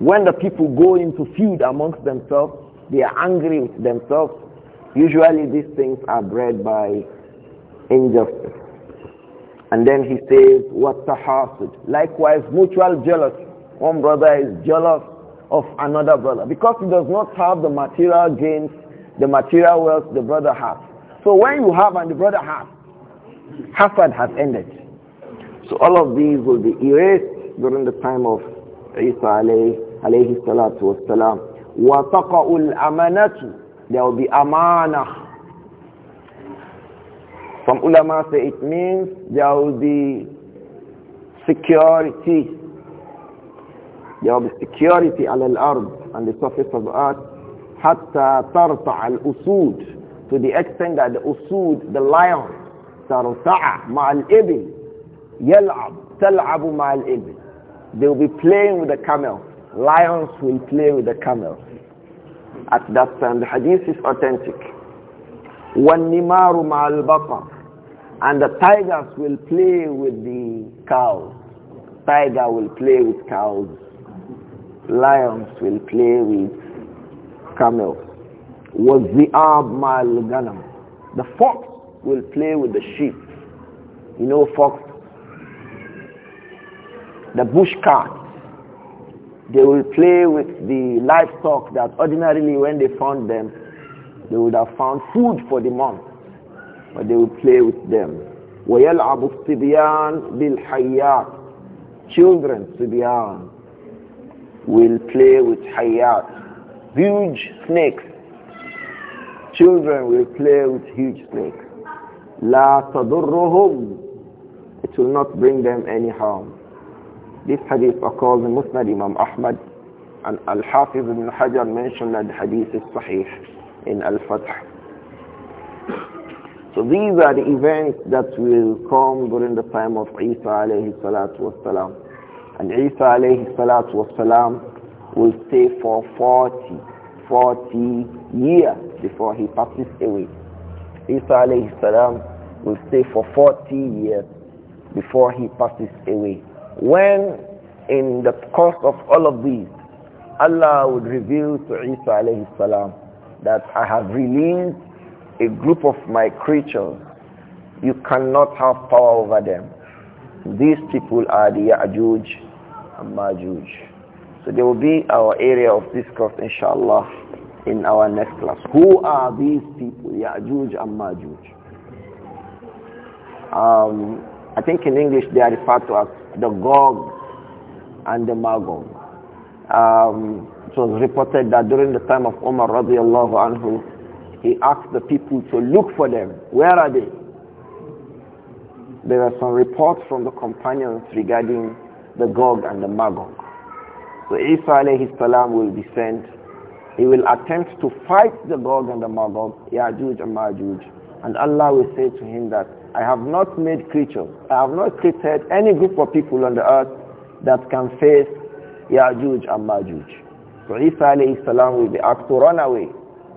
When the people go into feud amongst themselves, they are angry with themselves. Usually these things are bred by injustice. And then he says, what tahasud. Likewise, mutual jealousy. One brother is jealous of another brother because he does not have the material gains, the material wealth the brother has. So when you have and the brother has, hazard has ended. So all of these will be erased during the time of Isa alayhi عليه الصلاة والسلام وتقع الأمانة لو there will be some ulama say it means there will be security there will be security على الأرض on the surface of the earth حتى tarta' الأسود to the extent that the أسود, the lion tarta'a مع الإبل يلعب تلعب مع الإبل. they will be playing with the camel lions will play with the camels. At that time, the hadith is authentic. And the tigers will play with the cows. Tiger will play with cows. Lions will play with camels. وَالذِّئَابُ مَعَ الْغَنَمِ The fox will play with the sheep. You know fox? The bush cat they will play with the livestock that ordinarily when they found them, they would have found food for the month. But they will play with them. وَيَلْعَبُ الصِّبْيَانِ بِالْحَيَّاتِ Children, Sibyan, will play with hayat, huge snakes. Children will play with huge snakes. لَا تَضُرُّهُمْ It will not bring them any harm. This hadith occurs in Musnad Imam Ahmad and Al-Hafiz ibn Hajar mentioned that the hadith is sahih in Al-Fath. So these are the events that will come during the time of Isa alayhi salatu wasalam. And Isa alayhi salatu wasalam will stay for 40, 40 years before he passes away. Isa alayhi salam will stay for 40 years before he passes away when in the course of all of these, Allah would reveal to Isa alayhi salam that I have released a group of my creatures. You cannot have power over them. These people are the Ya'juj and Ma'juj. So there will be our area of discourse inshallah in our next class. Who are these people, Ya'juj and Ma'juj? Um, I think in English they are referred to as the Gog and the Magog. Um, it was reported that during the time of Umar radiallahu anhu, he asked the people to look for them. Where are they? There are some reports from the companions regarding the Gog and the Magog. So Isa alayhi salam will be sent. He will attempt to fight the Gog and the Magog, Ya'juj and Ma'juj. And Allah will say to him that I have not made creatures. I have not created any group of people on the earth that can face Ya'juj and Ma'juj. So Isa alayhi salam will be asked to run away.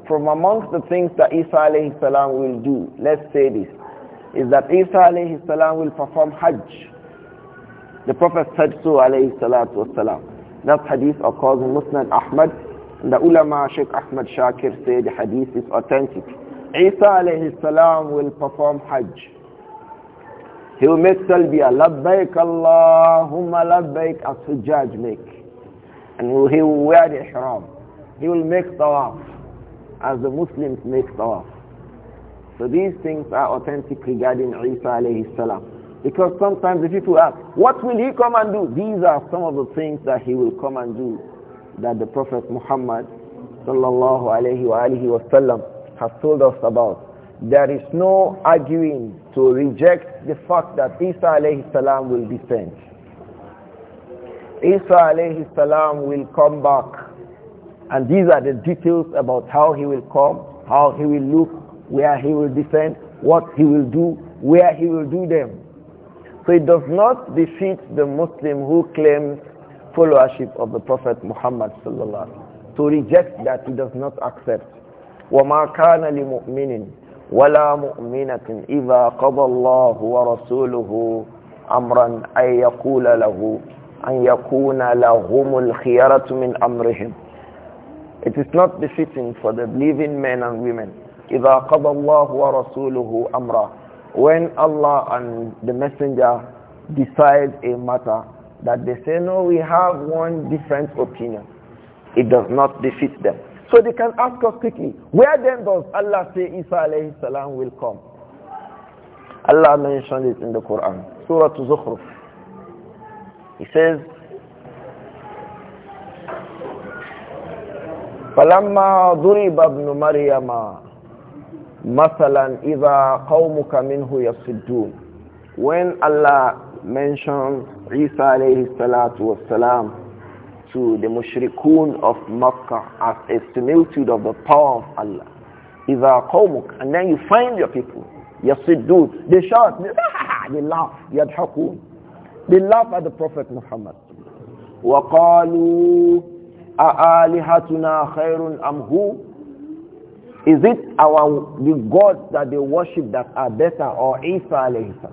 From amongst the things that Isa alayhi salam will do, let's say this, is that Isa alayhi salam will perform Hajj. The Prophet said so alayhi salatu wasalam. That hadith occurs in Muslim Ahmad. And the ulama Sheikh Ahmad Shakir said the hadith is authentic. Isa alayhi salam will perform Hajj. He will make Salbiya, labbaik Allahumma labbaik as judge make. And he will wear the ihram. He will make tawaf as the Muslims make tawaf. So these things are authentic regarding Isa alayhi salam. Because sometimes the people ask, what will he come and do? These are some of the things that he will come and do that the Prophet Muhammad sallallahu alayhi wa alihi has told us about there is no arguing to reject the fact that Isa alayhi salam will be sent. Isa alayhi salam will come back. And these are the details about how he will come, how he will look, where he will descend, what he will do, where he will do them. So it does not defeat the Muslim who claims followership of the Prophet Muhammad sallallahu to reject that he does not accept. وَمَا كَانَ لِمُؤْمِنٍ ولا مؤمنة إذا قضى الله ورسوله أمرا أن يقول له أن يكون لهم الخيارة من أمرهم It is not befitting for the believing men and women إذا قضى الله ورسوله أمرا When Allah and the messenger decide a matter that they say no we have one different opinion it does not defeat them So they can ask us quickly, where then does Allah say Isa alayhi salam will come? Allah mentioned it in the Quran, Surah Zukhruf. He says, فلما ضرب ابن مريم مثلا إذا قومك منه يصدون when Allah mentions Isa alayhi salatu wa salam to the mushrikun of Makkah as a similitude of the power of Allah. إِذَا قَوْمُكَ And then you find your people. يَصِدُّونَ They shout, ah, they laugh, يَضْحَكُونَ They laugh at the Prophet Muhammad. وَقَالُوا أَآلِهَتُنَا خَيْرٌ أَمْ هُوَ Is it our the gods that they worship that are better or Isa alayhi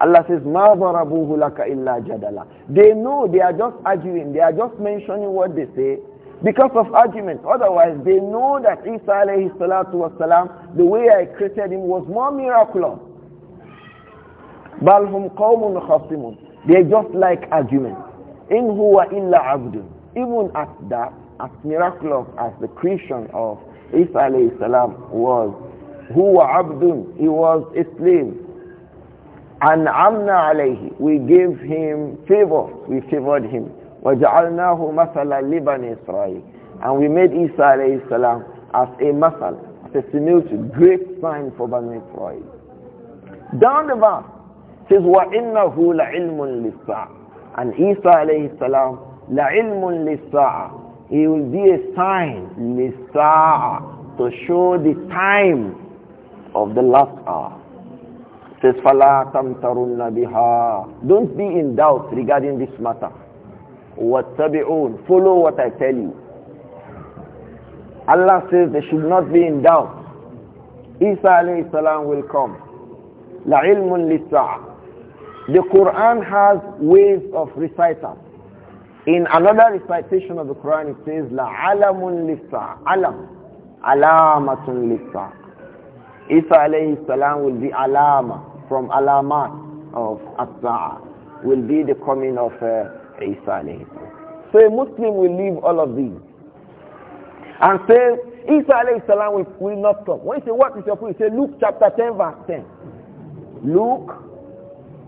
Allah says, مَا ضَرَبُوهُ لَكَ إِلَّا جَدَلًا They know they are just arguing. They are just mentioning what they say because of argument. Otherwise, they know that Isa alayhi salatu wasalam, the way I created him was more miraculous. Balhum قَوْمٌ خَصِمٌ They just like argument. إِنْ هُوَ إِلَّا عَبْدٌ Even at that, as miraculous as the creation of Isa alayhi salam was, هُوَ عَبْدٌ He was a slave and amna alayhi we gave him favor we favored him وجعلناه مثلا لبني إسرائيل and we made Isa alayhi salam as a masal as a similitude great sign for Bani Israel down the verse says وَإِنَّهُ لَعِلْمٌ لِلسَّاعَةِ and Isa alayhi salam لَعِلْمٌ لِلسَّاعَةِ he will be a sign لِلسَّاعَةِ to show the time of the last hour says, فَلَا تَمْتَرُنَّ بِهَا Don't be in doubt regarding this matter. وَاتَّبِعُونَ Follow what I tell you. Allah says they should not be in doubt. Isa alayhi salam will come. La ilmun لِلسَّعَةِ The Quran has ways of recital. In another recitation of the Quran it says, La alamun لِلسَّعَةِ Alam. Alamatun لِلسَّعَةِ Isa alayhi salam will be alama from alamat of as will be the coming of uh, Isa So a Muslim will leave all of these and say Isa will, will not come. When you say what is your proof? You say Luke chapter 10 verse 10. Luke,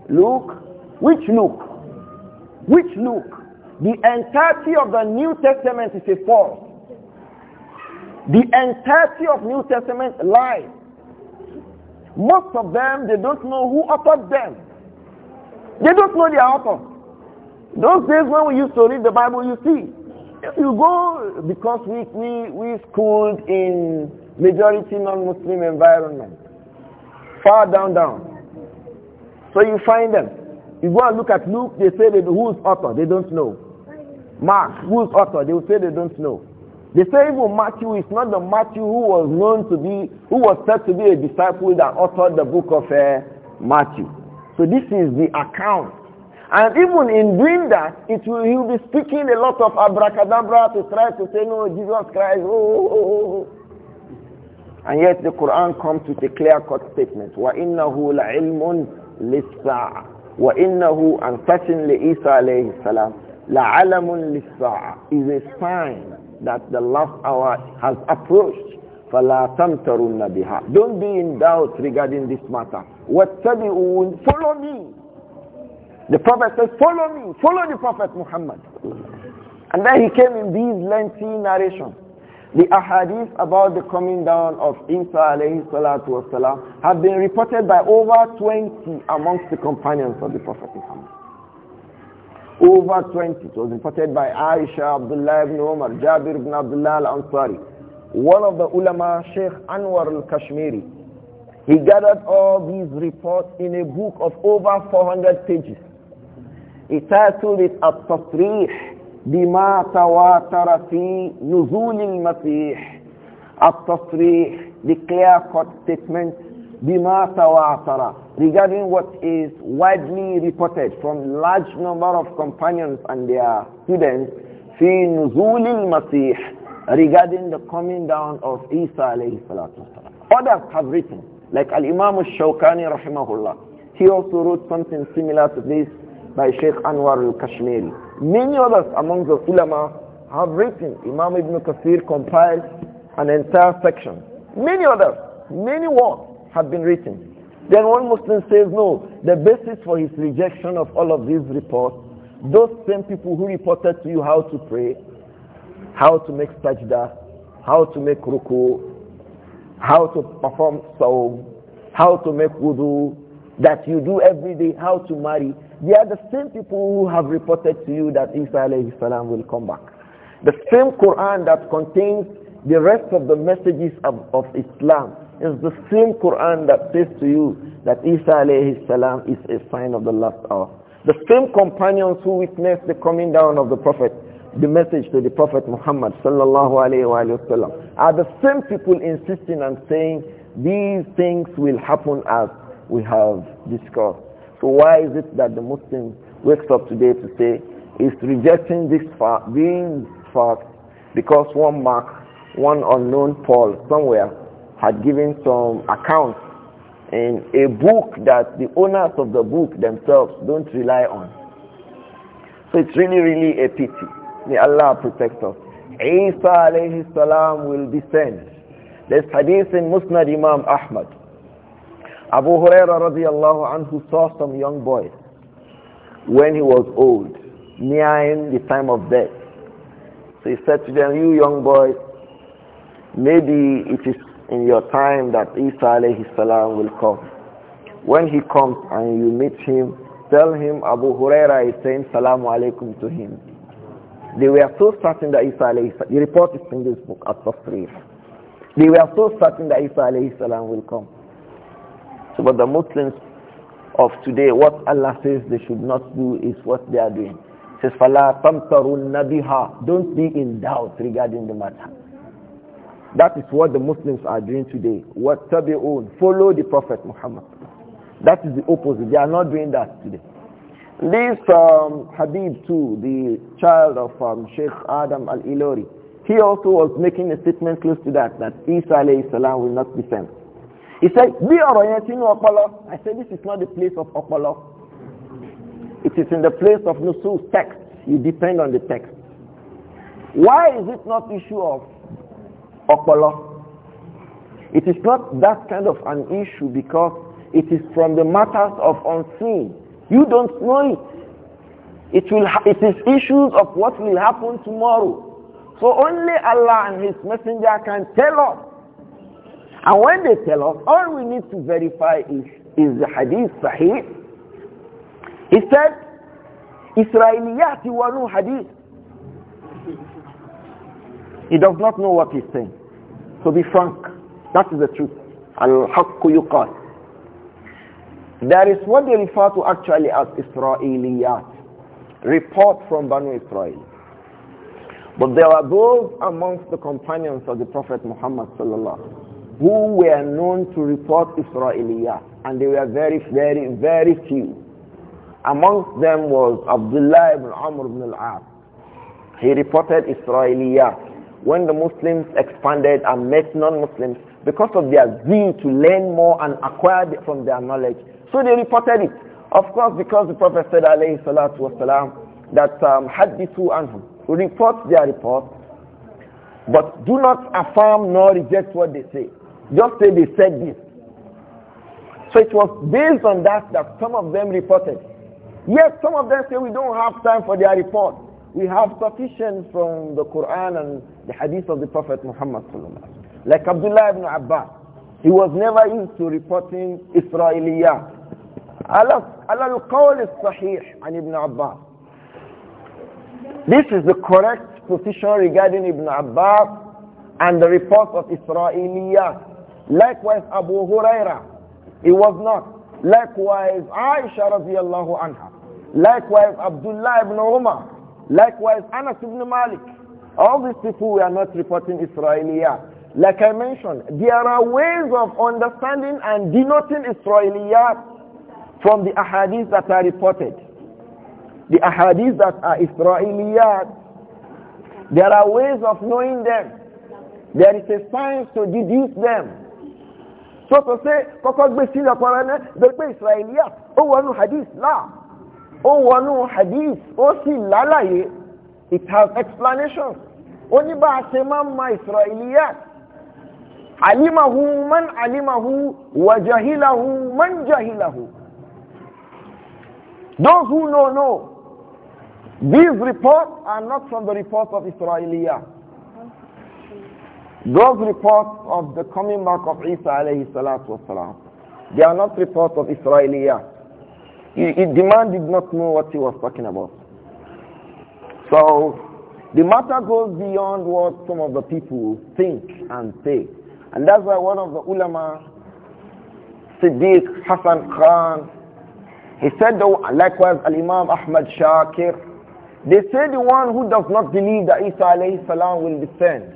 Luke, which Luke? Which Luke? The entirety of the New Testament is a false. The entirety of New Testament lies. Most of them, they don't know who authored them. They don't know their author. Those days when we used to read the Bible, you see, you go because we, we, we schooled in majority non-Muslim environment, far down, down. So you find them. You go and look at Luke, they say they, who's author, they don't know. Mark, who's author, they will say they don't know. They say even Matthew is not the Matthew who was known to be, who was said to be a disciple that authored the book of uh, Matthew. So this is the account. And even in doing that, it will, he will be speaking a lot of abracadabra to try to say, no, Jesus Christ, oh, oh, oh. oh, oh. And yet the Quran comes with a clear-cut statement. وَإِنَّهُ لَعِلْمٌ لِلسَّاعَةِ وَإِنَّهُ أَنْ certainly Isa alayhi salam لَعَلَمٌ لِلسَّاعَةِ is a sign that the last hour has approached. فَلَا تَمْتَرُنَّ بِهَا Don't be in doubt regarding this matter. وَاتَّبِعُونَ Follow me. The Prophet says, follow me. Follow the Prophet Muhammad. And then he came in these lengthy narrations. The ahadith about the coming down of Isa alayhi salatu wasalam have been reported by over 20 amongst the companions of the Prophet Muhammad. Over 20. It was reported by Aisha, Abdullah ibn Umar, Jabir ibn Abdullah al-Ansari. One of the ulama, Sheikh Anwar al-Kashmiri, he gathered all these reports in a book of over 400 pages. He titled it At-Tasrih بما تواتر في نزول المسيح التصريح the clear cut statement bima tawatara regarding what is widely reported from large number of companions and their students fi nuzul al-masih regarding the coming down of Isa alayhi salatu others have written like al-imam al-shawkani rahimahullah he also wrote something similar to this by Sheikh Anwar al-Kashmiri many others among the ulama have written Imam Ibn Kathir compiled an entire section many others many works have been written. Then one Muslim says, no, the basis for his rejection of all of these reports, those same people who reported to you how to pray, how to make sajda, how to make ruku, how to perform sawm, how to make wudu, that you do every day, how to marry, they are the same people who have reported to you that Isa will come back. The same Quran that contains the rest of the messages of, of Islam it's the same Quran that says to you that Isa alayhi salam is a sign of the last hour. The same companions who witnessed the coming down of the Prophet, the message to the Prophet Muhammad sallallahu alayhi wa sallam, are the same people insisting and saying these things will happen as we have discussed. So why is it that the Muslim wakes up today to say is rejecting this fact, being fact because one mark, one unknown Paul somewhere had given some accounts in a book that the owners of the book themselves don't rely on. So it's really, really a pity. May Allah protect us. Isa alayhi salam will descend. There's hadith in Musnad Imam Ahmad. Abu Huraira radiallahu anhu saw some young boys when he was old, near him the time of death. So he said to them, you young boys, maybe it is in your time that Isa alayhi salam will come. When he comes and you meet him, tell him Abu Huraira is saying salamu alaykum to him. They were so certain that Isa alayhi salam, the report is in this book, at Tafsir. They were so certain that Isa alayhi salam will come. So, but the Muslims of today, what Allah says they should not do is what they are doing. It says, فَلَا تَمْتَرُنَّ بِهَا Don't be in doubt regarding the matter. That is what the Muslims are doing today. What tabi'un, follow the Prophet Muhammad. That is the opposite. They are not doing that today. This um, Habib too, the child of um, Sheikh Adam al-Ilori, he also was making a statement close to that, that Isa will not be sent. He said, be orienting Okolo. I said, this is not the place of Okolo. It is in the place of Nusus text. You depend on the text. Why is it not issue of ọpọlọ. It is not that kind of an issue because it is from the matters of unseen. You don't know it. It, will it is issues of what will happen tomorrow. So only Allah and His Messenger can tell us. And when they tell us, all we need to verify is, is the hadith sahih. He said, Israeliyati wanu hadith. He does not know what he's saying. To be frank, that is the truth. Al-Haqq yuqal. There is what they refer to actually as Israeliyat, report from Banu Israel. But there are those amongst the companions of the Prophet Muhammad sallallahu who were known to report Israeliyat, and they were very, very, very few. Amongst them was Abdullah ibn Amr ibn al-As. He reported Israeliyat when the Muslims expanded and met non-Muslims because of their zeal to learn more and acquire from their knowledge. So they reported it. Of course, because the Prophet said, alayhi salatu wasalam, that um, hadithu anhum, report their report, but do not affirm nor reject what they say. Just say they said this. So it was based on that that some of them reported. Yes, some of them say we don't have time for their report. We have sufficient from the Quran and the hadith of the Prophet Muhammad Like Abdullah ibn Abbas, he was never used to reporting al-Qawl القول الصحيح عن Ibn عباس This is the correct position regarding Ibn Abbas and the reports of Israeliyah. Likewise Abu Huraira, it was not. Likewise Aisha radiallahu anha. Likewise Abdullah ibn Umar. Likewise, Anas ibn Malik. All these people were not reporting Israeliya. Like I mentioned, there are ways of understanding and denoting Israeliya from the ahadith that are reported. The ahadith that are Israeliya, there are ways of knowing them. There is a science to deduce them. So to say, kọ́kọ́ gbé sílẹ̀ ọ̀pọ̀ rẹ̀ náà, gbé pé Israeliyat, ó wọnú hadith láà ó wọnú hadith ó sì lálàyé it has explanation ó ní bá a ṣe máa ń ma israeliyat alimahu man alimahu wa jahilahu man jahilahu those who know know these reports are not from the reports of Israelia. those reports of the coming back of Isa alayhi salatu wasalam, they are not reports of Israelia. He, the man did not know what he was talking about. So the matter goes beyond what some of the people think and say. And that's why one of the ulama, Siddiq Hassan Khan, he said, though, likewise, Al-Imam Ahmad Shakir, they say the one who does not believe that Isa alayhi salam will descend,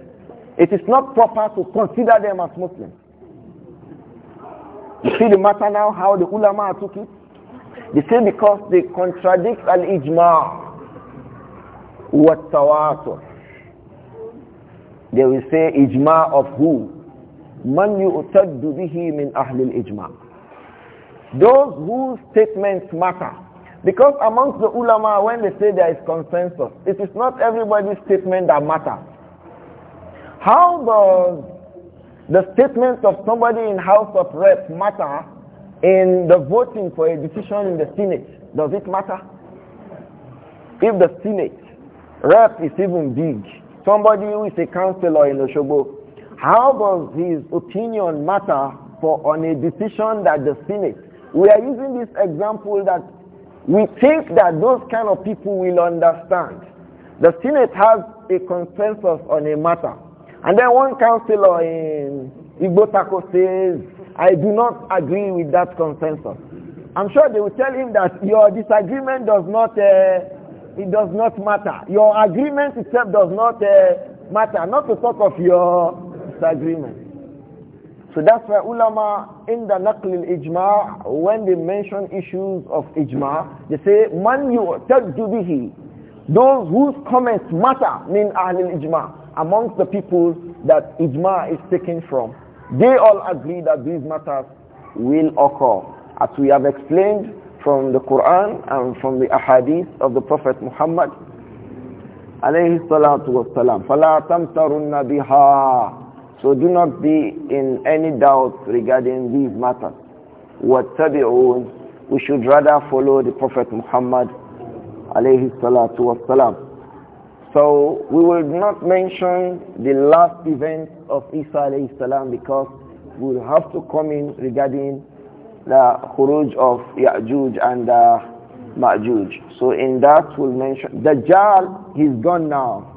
it is not proper to consider them as Muslims. You see the matter now, how the ulama took it? They say because they contradict al-ijma' wa tawatur. They will say ijma' of who? Man yu'taddu bihi min ahli al-ijma'. Those whose statements matter. Because amongst the ulama, when they say there is consensus, it is not everybody's statement that matters. How does the statements of somebody in House of rep matter in the voting for a decision in the Senate, does it matter? If the Senate rep is even big, somebody who is a councillor in Oshobo, how does his opinion matter for on a decision that the Senate? We are using this example that we think that those kind of people will understand. The Senate has a consensus on a matter. And then one councillor in Igbo Tako says I do not agree with that consensus. I'm sure they will tell him that your disagreement does not, uh, it does not matter. Your agreement itself does not uh, matter. Not to talk of your disagreement. So that's why ulama in the naql al-ijma' when they mention issues of ijma' they say man yu'taddu bihi those whose comments matter mean ahl al-ijma' amongst the people that ijma' is taken from they all agree that these matters will occur. As we have explained from the Quran and from the ahadith of the Prophet Muhammad alayhi salatu wasalam. فَلَا تَمْتَرُنَّ بِهَا So do not be in any doubt regarding these matters. وَاتَّبِعُونَ We should rather follow the Prophet Muhammad alayhi salatu wasalam. So we will not mention the last event of Isa alayhi salam because we will have to come in regarding the khuruj of Ya'juj and the uh, Ma'juj. So in that we'll mention Dajjal, he's gone now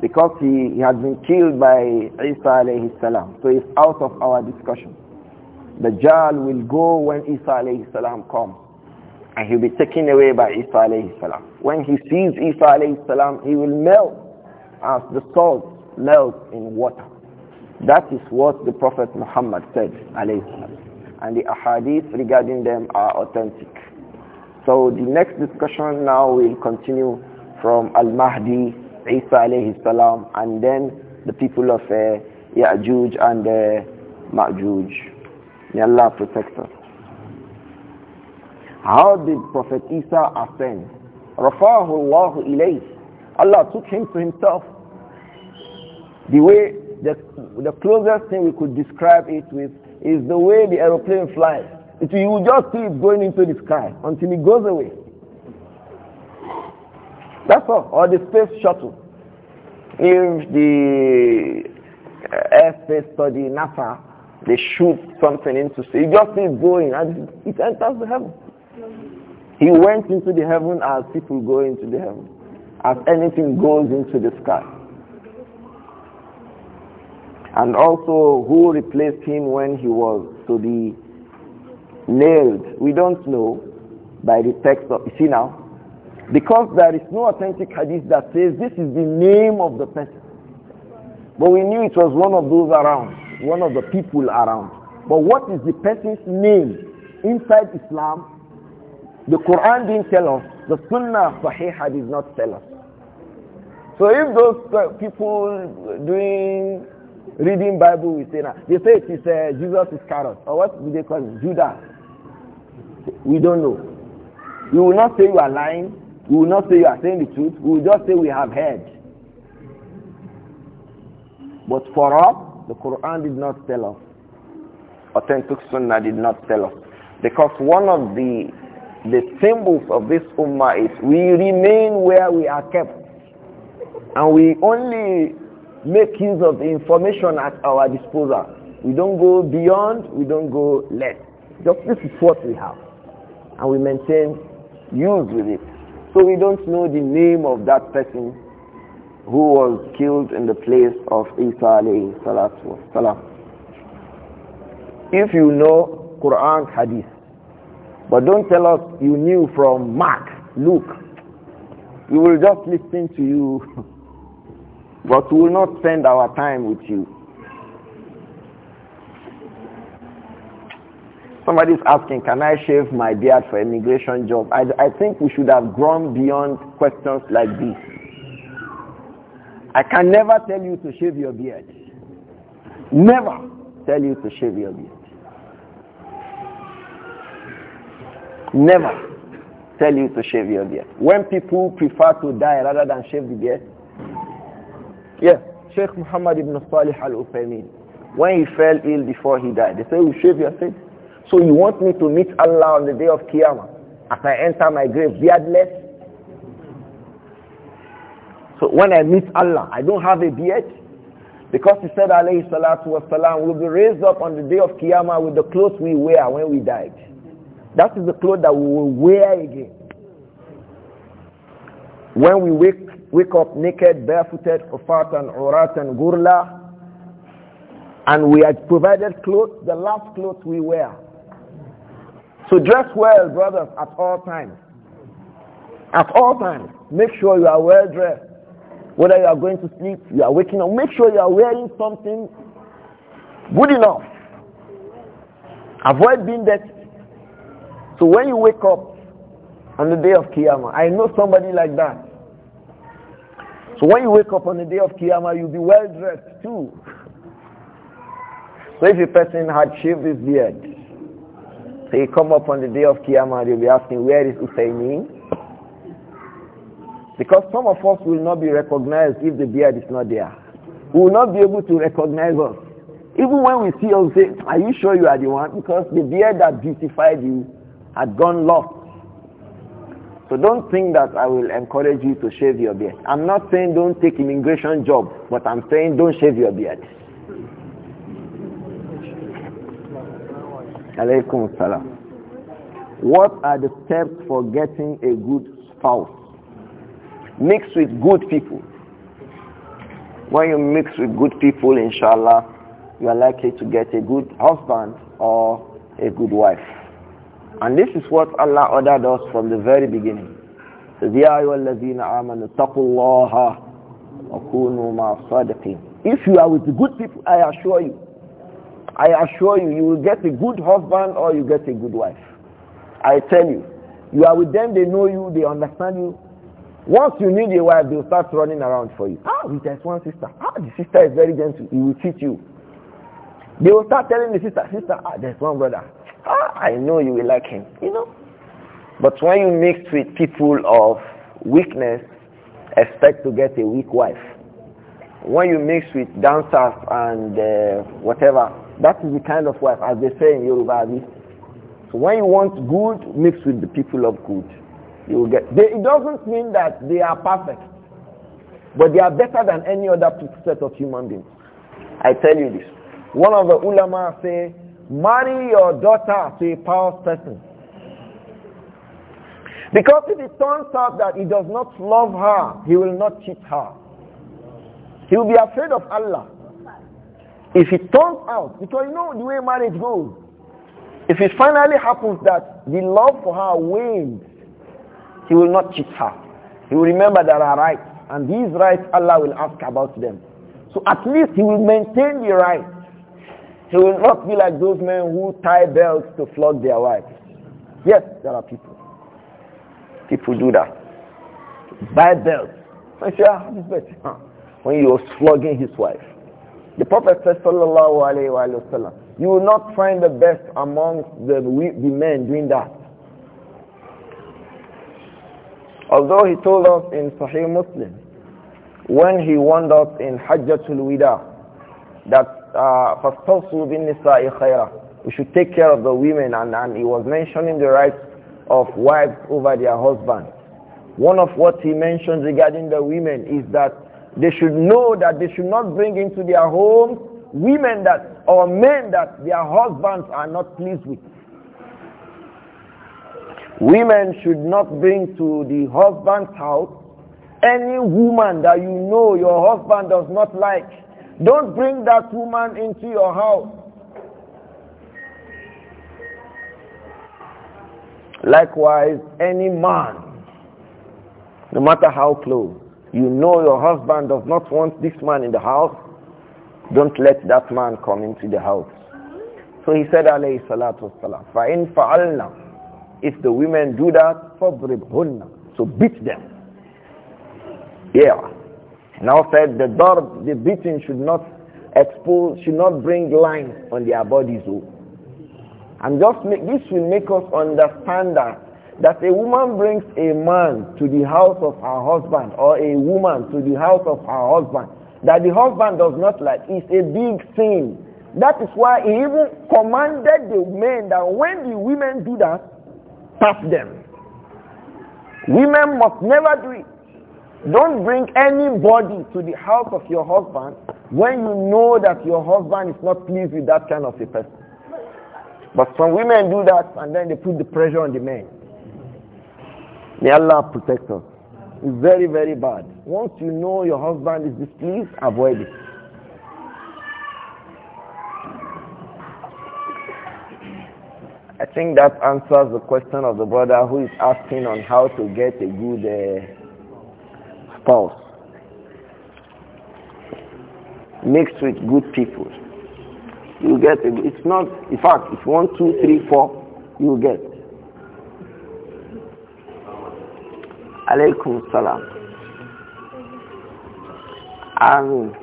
because he, he had been killed by Isa alayhi salam. So he's out of our discussion. Dajjal will go when Isa alayhi salam comes and he'll be taken away by Isa alayhi salam. When he sees Isa alayhi salam, he will melt as the salt melts in water. That is what the Prophet Muhammad said alayhi salam. And the ahadith regarding them are authentic. So the next discussion now will continue from Al-Mahdi, Isa alayhi salam, and then the people of uh, Ya'juj and uh, Ma'juj. May Allah protect us. How did Prophet Isa ascend? Rafaahu Allah ilayh. Allah took him to himself. The way, the, the closest thing we could describe it with is the way the aeroplane flies. It, you just see it going into the sky until it goes away. That's all. Or the space shuttle. If the uh, airspace study, NASA, they shoot something into space. You just see it going and it enters the heaven. He went into the heaven as people go into the heaven, as anything goes into the sky. And also who replaced him when he was to be nailed. We don't know by the text of, you see now, because there is no authentic hadith that says this is the name of the person. But we knew it was one of those around, one of the people around. But what is the person's name inside Islam the Quran didn't tell us. The Sunnah Sahihah did not tell us. So if those people doing reading Bible with Satan, they say it is uh, Jesus is carrot or what do they call it? Judas. We don't know. We will not say you are lying. We will not say you are saying the truth. We will just say we have heard. But for us, the Quran did not tell us. Authentic Sunnah did not tell us. Because one of the the symbols of this ummah is we remain where we are kept. And we only make use of the information at our disposal. We don't go beyond, we don't go less. Just this is what we have. And we maintain use with it. So we don't know the name of that person who was killed in the place of Isa alayhi salatu If you know Quran hadith, but don't tell us you knew from Mark, Luke. We will just listen to you, but we will not spend our time with you. Somebody is asking, can I shave my beard for immigration job? I, I think we should have grown beyond questions like this. I can never tell you to shave your beard. Never tell you to shave your beard. Never tell you to shave your beard. When people prefer to die rather than shave the beard, yeah, Sheikh Muhammad ibn Salih al-Uthaymeen, when he fell ill before he died, they say, you shave your face. So you want me to meet Allah on the day of Qiyamah as I enter my grave beardless? So when I meet Allah, I don't have a beard because he said, alayhi salatu wasalam, we'll be raised up on the day of Qiyamah with the clothes we wear when we died. That is the clothes that we will wear again. When we wake, wake up naked, barefooted, urat and gurla, and we are provided clothes, the last clothes we wear. So dress well, brothers, at all times. At all times, make sure you are well dressed. Whether you are going to sleep, you are waking up, make sure you are wearing something good enough. Avoid being dirty. So when you wake up on the day of Kiyama, I know somebody like that. So when you wake up on the day of Kiyama, you'll be well dressed too. So if a person had shaved his beard, so he come up on the day of Qiyamah, they'll be asking, where is Usaini? Because some of us will not be recognized if the beard is not there. We will not be able to recognize us. Even when we see us, say, are you sure you are the one? Because the beard that beautified you had gone lost. So don't think that I will encourage you to shave your beard. I'm not saying don't take immigration job, but I'm saying don't shave your beard. Alaykum salam. What are the steps for getting a good spouse? Mix with good people. When you mix with good people, inshallah, you are likely to get a good husband or a good wife. And this is what Allah ordered us from the very beginning. If you are with good people, I assure you, I assure you, you will get a good husband or you get a good wife. I tell you, you are with them, they know you, they understand you. Once you need a wife, they'll start running around for you. Ah, we just one sister. Ah, the sister is very gentle. He will teach you. They will start telling the sister, sister, ah, there's one brother ah, I know you will like him, you know. But when you mix with people of weakness, expect to get a weak wife. When you mix with dancers and uh, whatever, that is the kind of wife, as they say in Yoruba. So when you want good, mix with the people of good. You will get. They, it doesn't mean that they are perfect, but they are better than any other set of human beings. I tell you this. One of the ulama say marry your daughter to a powerful person. Because if it turns out that he does not love her, he will not cheat her. He will be afraid of Allah. If it turns out, because you know the way marriage goes, if it finally happens that the love for her wanes, he will not cheat her. He will remember there are rights, and these rights Allah will ask about them. So at least he will maintain the right. He will not be like those men who tie belts to flog their wives. Yes, there are people. People do that. Buy belts. I say, ah, When he was flogging his wife. The Prophet said, sallallahu alayhi wasallam." you will not find the best among the, the men doing that. Although he told us in Sahih Muslim, when he warned us in Hajjatul Wida, that uh, فَاسْتَوْصُوا بِالنِّسَاءِ خَيْرًا We should take care of the women and, and he was mentioning the rights of wives over their husbands. One of what he mentions regarding the women is that they should know that they should not bring into their homes women that or men that their husbands are not pleased with. Women should not bring to the husband's house any woman that you know your husband does not like. Don't bring that woman into your house. Likewise, any man, no matter how close, you know your husband does not want this man in the house, don't let that man come into the house. So he said, alayhi salatu wasalam, فَإِن فَعَلْنَا If the women do that, فَضْرِبْهُنَّ So beat them. Yeah. Now said the darb, the beating should not expose, should not bring lines on their bodies. Oh. And just make, this will make us understand that that a woman brings a man to the house of her husband or a woman to the house of her husband that the husband does not like is a big sin. That is why he even commanded the men that when the women do that, tap them. Women must never do it. Don't bring anybody to the house of your husband when you know that your husband is not pleased with that kind of a person. But some women do that and then they put the pressure on the men. May Allah protect us. It's very, very bad. Once you know your husband is displeased, avoid it. I think that answers the question of the brother who is asking on how to get a good uh, spouse, mixed with good people, you get it. It's not, in fact, it's one, two, three, four, you get. Alaykum salam. Amin.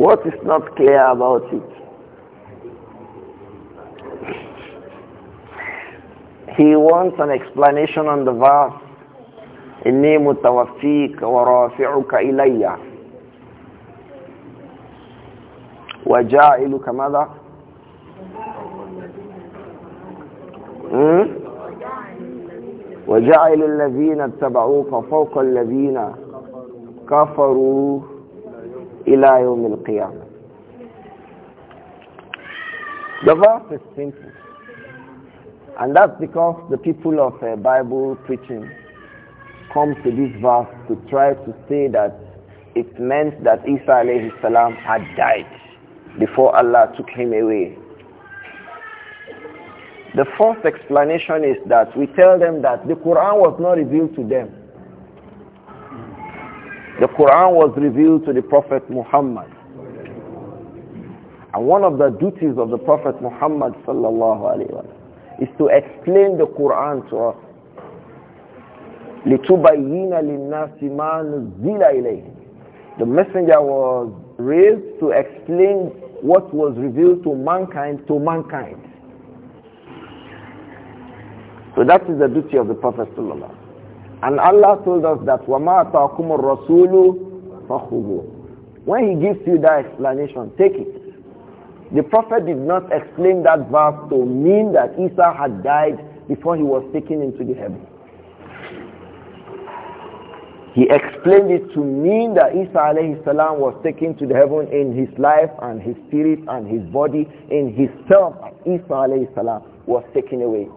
What is not clear about it? He wants an explanation on the verse إني متوفيك ورافعك إلي وجاعلك ماذا وجعل الذين اتبعوك فوق الذين كفروا ila yawm al-qiyamah. The verse is simple. And that's because the people of uh, Bible preaching come to this verse to try to say that it meant that Isa alayhi salam had died before Allah took him away. The first explanation is that we tell them that the Quran was not revealed to them. The Quran was revealed to the Prophet Muhammad. And one of the duties of the Prophet Muhammad sallallahu is to explain the Quran to us. لِتُبَيِّنَ لِلنَّاسِ مَا نُزِّلَ إِلَيْهِ The messenger was raised to explain what was revealed to mankind to mankind. So that is the duty of the Prophet sallallahu and Allah told us that wama تَعْكُمُ rasulu فَخُذُوا When he gives you that explanation, take it. The Prophet did not explain that verse to mean that Isa had died before he was taken into the heaven. He explained it to mean that Isa alayhi salam was taken to the heaven in his life and his spirit and his body in his self. Isa alayhi salam was taken away.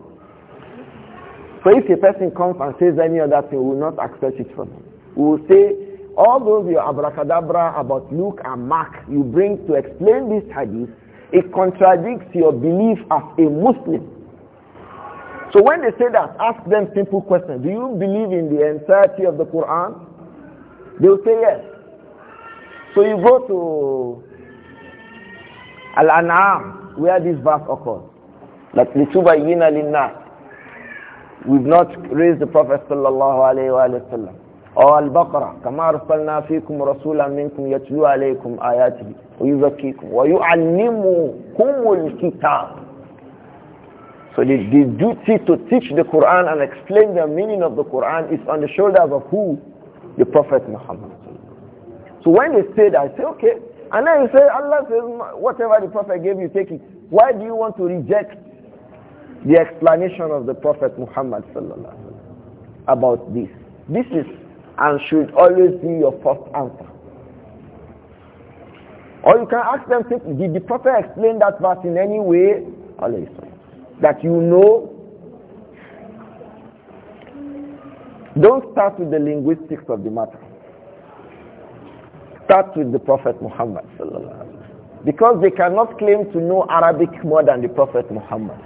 So if a person comes and says any other thing, we will not accept it from him. We will say, all those your abracadabra about Luke and Mark you bring to explain this hadith, it contradicts your belief as a Muslim. So when they say that, ask them simple questions. Do you believe in the entirety of the Quran? They will say yes. So you go to Al-An'am, where this verse occurs. Like, لِتُبَيِّنَ لِلنَّاسِ We've not raised the Prophet sallallahu alayhi wa sallam. Or oh, Al-Baqarah, كَمَا أَرْسَلْنَا فِيكُمْ رَسُولًا مِنْكُمْ يَتْلُو عَلَيْكُمْ آيَاتِهِ وَيُزَكِّيكُمْ وَيُعَلِّمُكُمُ الْكِتَابِ So the, the duty to teach the Quran and explain the meaning of the Quran is on the shoulders of who? The Prophet Muhammad. So when they say that, I say, okay. And then you say, Allah says, whatever the Prophet gave you, take it. Why do you want to reject the explanation of the Prophet Muhammad about this. This is and should always be your first answer. Or you can ask them, simply: did the Prophet explain that verse in any way that you know? Don't start with the linguistics of the matter. Start with the Prophet Muhammad because they cannot claim to know Arabic more than the Prophet Muhammad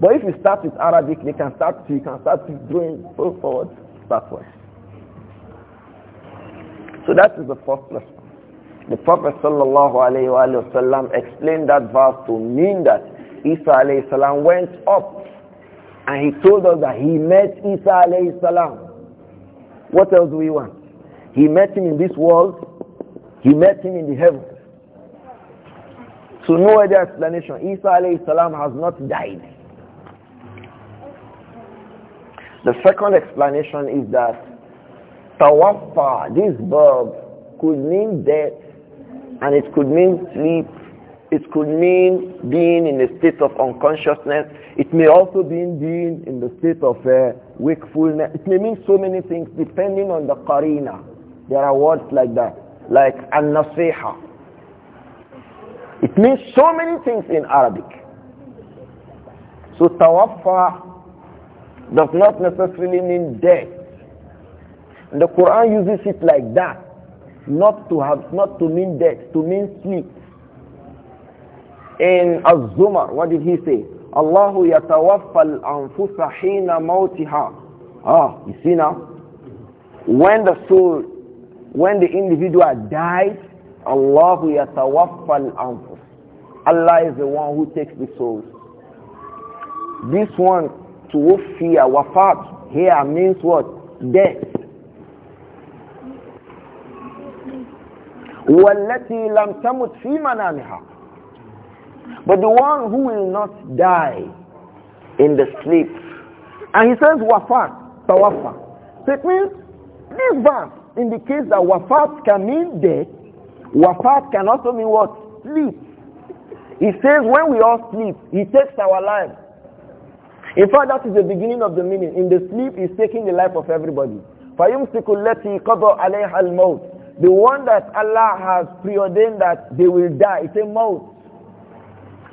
but if you start with Arabic, you can start, you can start doing forward, backwards. So that is the first lesson. The Prophet sallallahu alayhi wa explained that verse to mean that Isa alayhi salam went up and he told us that he met Isa alayhi salam. What else do we want? He met him in this world. He met him in the heavens. So no other explanation. Isa alayhi salam has not died. The second explanation is that tawaffa, this verb, could mean death and it could mean sleep. It could mean being in a state of unconsciousness. It may also mean being in the state of uh, wakefulness. It may mean so many things depending on the qarina. There are words like that, like an-nasiha. It means so many things in Arabic. So tawaffa does not necessarily mean death. And the Quran uses it like that, not to have, not to mean death, to mean sleep. In Az-Zumar, what did he say? Allahu yatawaffa al-anfusa hina mawtiha. Ah, you see now? When the soul, when the individual dies, Allahu yatawaffa al-anfus. Allah is the one who takes the souls. This one tuwfiya wafat here means what death والتي لم تمت في منامها but the one who will not die in the sleep and he says wafat tawafa so it means this verse indicates that wafat can mean death wafat can also mean what sleep he says when we all sleep he takes our life in fact, that is the beginning of the meaning. In the sleep is taking the life of everybody. فَيُمْسِكُ الَّتِي قَضَى عَلَيْهَا الْمَوْتِ The one that Allah has preordained that they will die, it's a maut.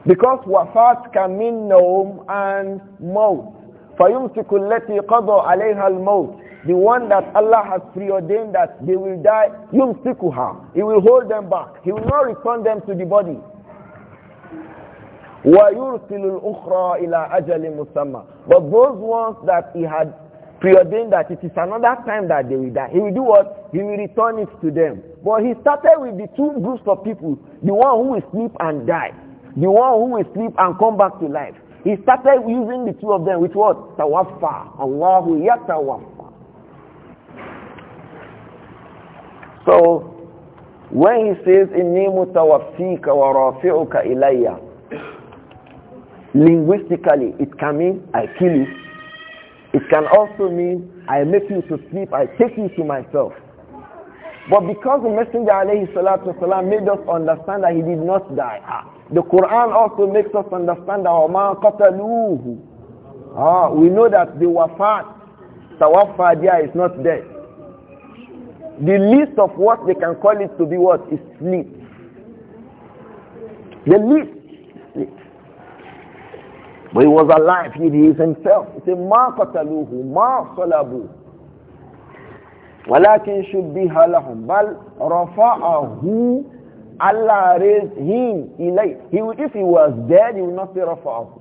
Because wafat can mean naum and maut. فَيُمْسِكُ الَّتِي قَضَى عَلَيْهَا الْمَوْتِ The one that Allah has preordained that they will die, يُمْسِكُهَا He will hold them back. He will not return them to the body. وَيُرْسِلُ الْأُخْرَى إِلَىٰ أَجَلٍ مُسَمَّى But those ones that he had preordained that it is another time that they will die, he will do what? He will return it to them. But he started with the two groups of people, the one who will sleep and die, the one who will sleep and come back to life. He started using the two of them was ta'wafah Tawaffa. Allahu yatawaffa. So, when he says, إِنِّي مُتَوَفِّيكَ وَرَافِعُكَ إِلَيَّ Linguistically, it can mean I kill you. It can also mean I make you to sleep, I take you to myself. But because the Messenger alayhi salatu wasalam made us understand that he did not die, ah, the Quran also makes us understand that ah, We know that the wafat, tawaffa is not death. The least of what they can call it to be what is sleep. The least. But he was alive, he is himself. He said, مَا قَتَلُوهُ مَا صَلَبُوهُ وَلَكِنْ شُبِّهَ لَهُمْ بَلْ رَفَعَهُ Allah raised him elate. He if he was dead, he would not be rafa'ahu.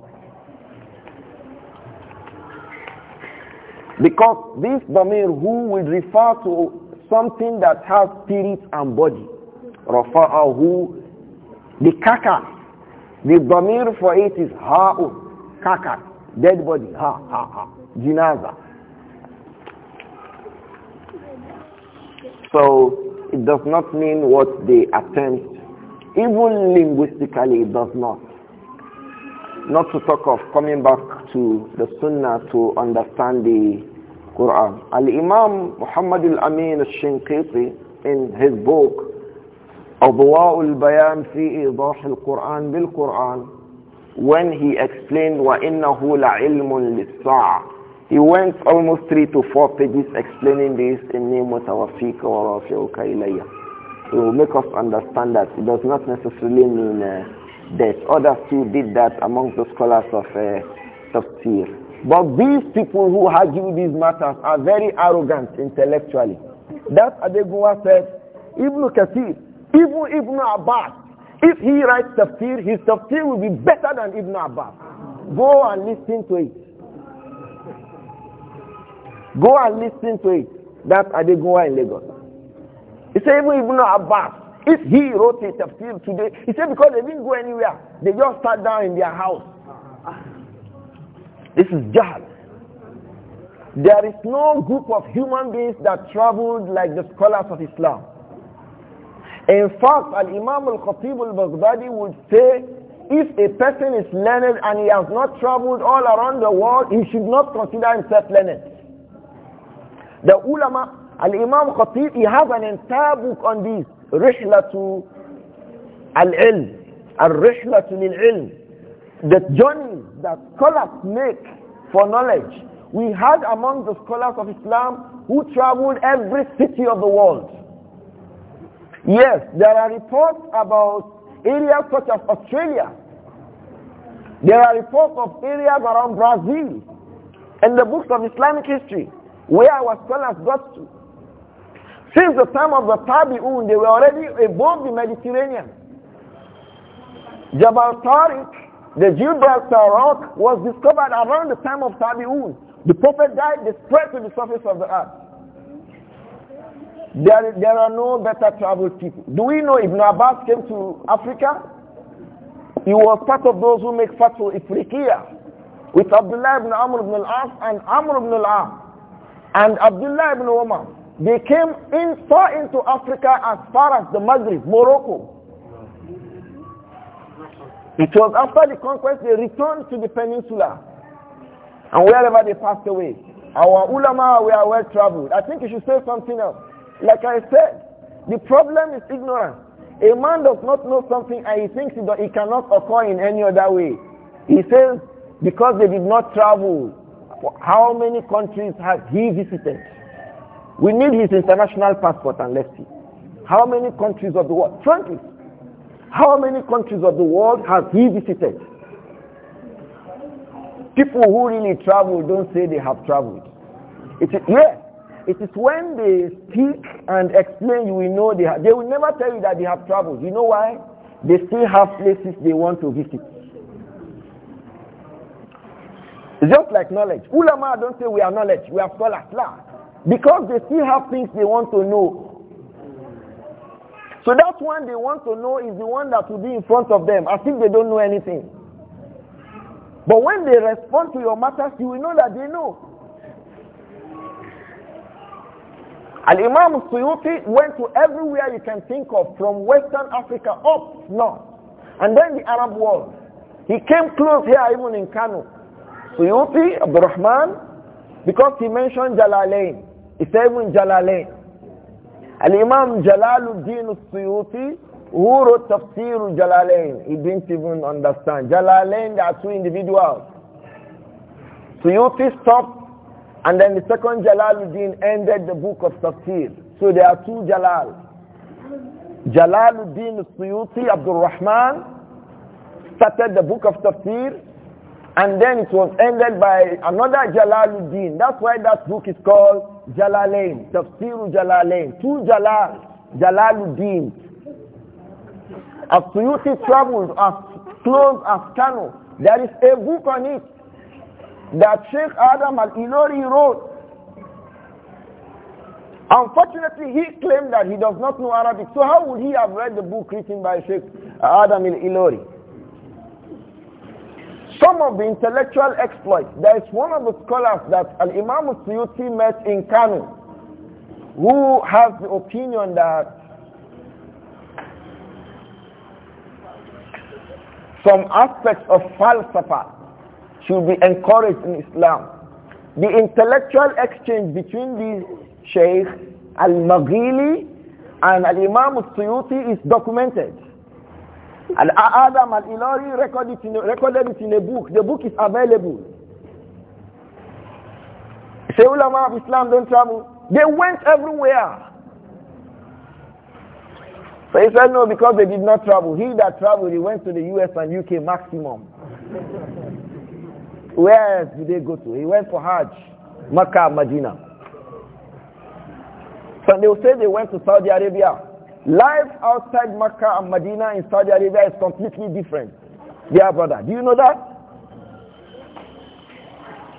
Because this Damir who will refer to something that has spirit and body. Rafa'ahu, the kaka. The Damir for it is ha'un. Sakat, dead body, ha, ha, ha, jinaza. So it does not mean what they attempt. Even linguistically, it does not. Not to talk of coming back to the Sunnah to understand the Quran. Al-Imam Muhammad al-Amin al-Shinqiti in his book أضواء البيان في إيضاح القرآن بالقرآن when he explained وَإِنَّهُ لَعِلْمٌ لِلسَّاعَةِ He went almost three to four pages explaining this in name إِنِّي مُتَوَفِّيكَ وَرَافِعُكَ إِلَيَّ He will make us understand that it does not necessarily mean uh, death. Others too did that among the scholars of uh, Tafsir. But these people who argue these matters are very arrogant intellectually. That Adegunwa said, Ibn Kathir, even Ibn Abbas, if he writes tafsir, his tafsir will be better than Ibn Abbas. Go and listen to it. Go and listen to it. That Adegunwa in Lagos. He said, even Ibn Abbas, if he wrote a tafsir today, he said because they didn't go anywhere. They just sat down in their house. This is Jahal. There is no group of human beings that traveled like the scholars of Islam. In fact, Al-Imam Al-Khatib Al-Baghdadi would say, if a person is learned and he has not traveled all around the world, he should not consider himself learned. The ulama, Al-Imam Khatib, he has an entire book on this, Rihlatu Al-Ilm, Al-Rihlatu Lil-Ilm, the journey that scholars make for knowledge. We had among the scholars of Islam who traveled every city of the world Yes, there are reports about areas such as Australia. There are reports of areas around Brazil in the books of Islamic history where our scholars got to. Since the time of the Tabi'un, they were already above the Mediterranean. Jabal Tariq, the Gibraltar rock, was discovered around the time of Tabi'un. The Prophet died, they spread to the surface of the earth. There, there are no better traveled people. Do we know Ibn Abbas came to Africa? He was part of those who make Fatul Ifriqiya with Abdullah ibn Amr ibn al-As and Amr ibn al-As and Abdullah ibn Umar. They came in far into Africa as far as the Maghreb, Morocco. It was after the conquest they returned to the peninsula and wherever they passed away. Our ulama were well traveled. I think you should say something else. Like I said, the problem is ignorance. A man does not know something and he thinks it, it cannot occur in any other way. He says, because they did not travel, how many countries has he visited? We need his international passport and let's see. How many countries of the world? Frankly, how many countries of the world has he visited? People who really travel don't say they have traveled. It's, yes, it is when they speak and explain, you will know they have, they will never tell you that they have traveled. You know why? They still have places they want to visit. It's just like knowledge. Ulama don't say we are knowledge, we are scholars. Nah. Because they still have things they want to know. So that one they want to know is the one that will be in front of them, as if they don't know anything. But when they respond to your matters, you will know that they know. Al-Imam Suyuti went to everywhere you can think of from Western Africa up north and then the Arab world. He came close here even in Kano. Suyuti, Rahman, because he mentioned Jalalain. He said even Jalalain. Al-Imam Jalaluddin Suyuti who wrote Tafsir Jalalain. He didn't even understand. Jalalain, there are two individuals. Suyuti stopped and then the second Jalaluddin ended the book of Tafsir. So there are two Jalal. Jalaluddin Suyuti Abdul Rahman started the book of Tafsir and then it was ended by another Jalaluddin. That's why that book is called Jalalain, Tafsir Jalalain. Two Jalal, Jalaluddin. As Suyuti traveled as close as Kano, there is a book on it that Sheikh Adam al-Ilori wrote. Unfortunately, he claimed that he does not know Arabic. So how would he have read the book written by Sheikh Adam al-Ilori? Some of the intellectual exploits. There is one of the scholars that Al-Imam Suyuti met in Kano who has the opinion that some aspects of falsafa should be encouraged in Islam. The intellectual exchange between these Sheikh Al-Maghili and Al-Imam Al-Suyuti is documented. And Adam Al-Ilari recorded, recorded it in a book. The book is available. Say ulama of Islam don't travel. They went everywhere. So he said no because they did not travel. He that traveled, he went to the US and UK maximum. Where else did they go to? He went for Hajj, Makkah, Medina. So they will say they went to Saudi Arabia. Life outside Makkah and Medina in Saudi Arabia is completely different. Dear brother, do you know that?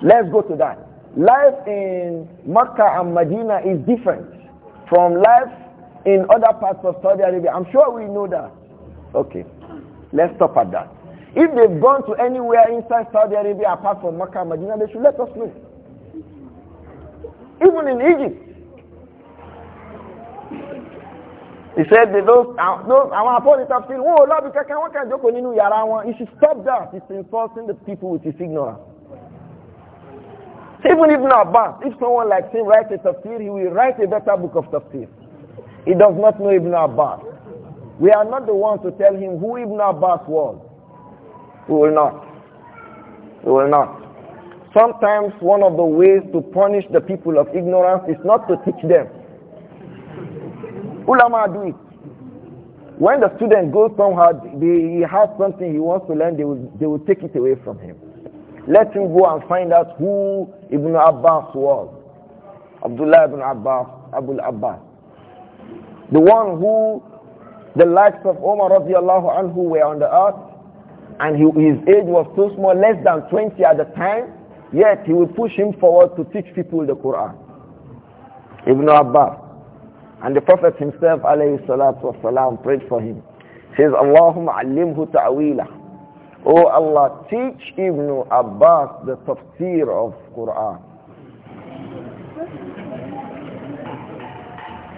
Let's go to that. Life in Makkah and Medina is different from life in other parts of Saudi Arabia. I'm sure we know that. Okay, let's stop at that. If they've gone to anywhere inside Saudi Arabia apart from Makkah and Medina, they should let us know. Even in Egypt. He said that those, want uh, those àwọn apostles have seen, oh, Lord, because I kàn jókòó nínú yàrá wọn. You should stop that. It's insulting the people with his ignorance. So even Ibn Abbas, if someone like him writes a tafsir, he will write a better book of tafsir. He does not know Ibn Abbas. We are not the ones to tell him who Ibn Abbas was. We will not. We will not. Sometimes one of the ways to punish the people of ignorance is not to teach them. Ulama do it. When the student goes somewhere, he has something he wants to learn, they will, they will take it away from him. Let him go and find out who Ibn Abbas was. Abdullah ibn Abbas, Abu Abbas. The one who the likes of Omar radiallahu anhu were on the earth, and he, his age was too small, less than 20 at the time, yet he would push him forward to teach people the Quran. Ibn Abbas. And the Prophet himself, alayhi salatu wasalam, prayed for him. He says, Allahumma allimhu ta'wila. Oh Allah, teach Ibn Abbas the tafsir of Quran.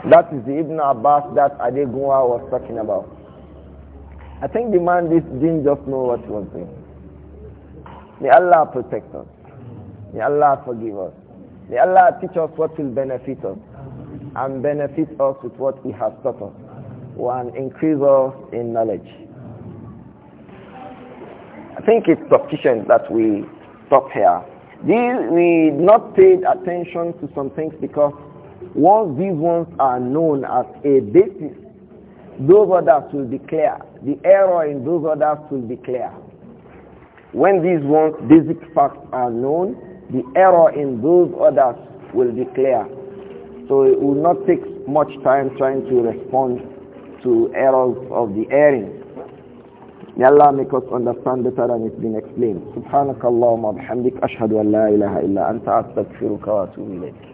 That is the Ibn Abbas that Adegunwa was talking about. I think the man didn't just know what he was doing. May Allah protect us. May Allah forgive us. May Allah teach us what will benefit us and benefit us with what He has taught us and increase us in knowledge. I think it's sufficient that we stop here. These, we not paid attention to some things because once these ones are known as a basis, those others will be clear the error in those others will be clear. When these ones, basic facts are known, the error in those others will be clear. So it will not take much time trying to respond to errors of the erring. May Allah make us understand better than it's been explained. سبحانك اللهم وبحمدك أشهد أن لا إله إلا أنت أستغفرك وأتوب إليك.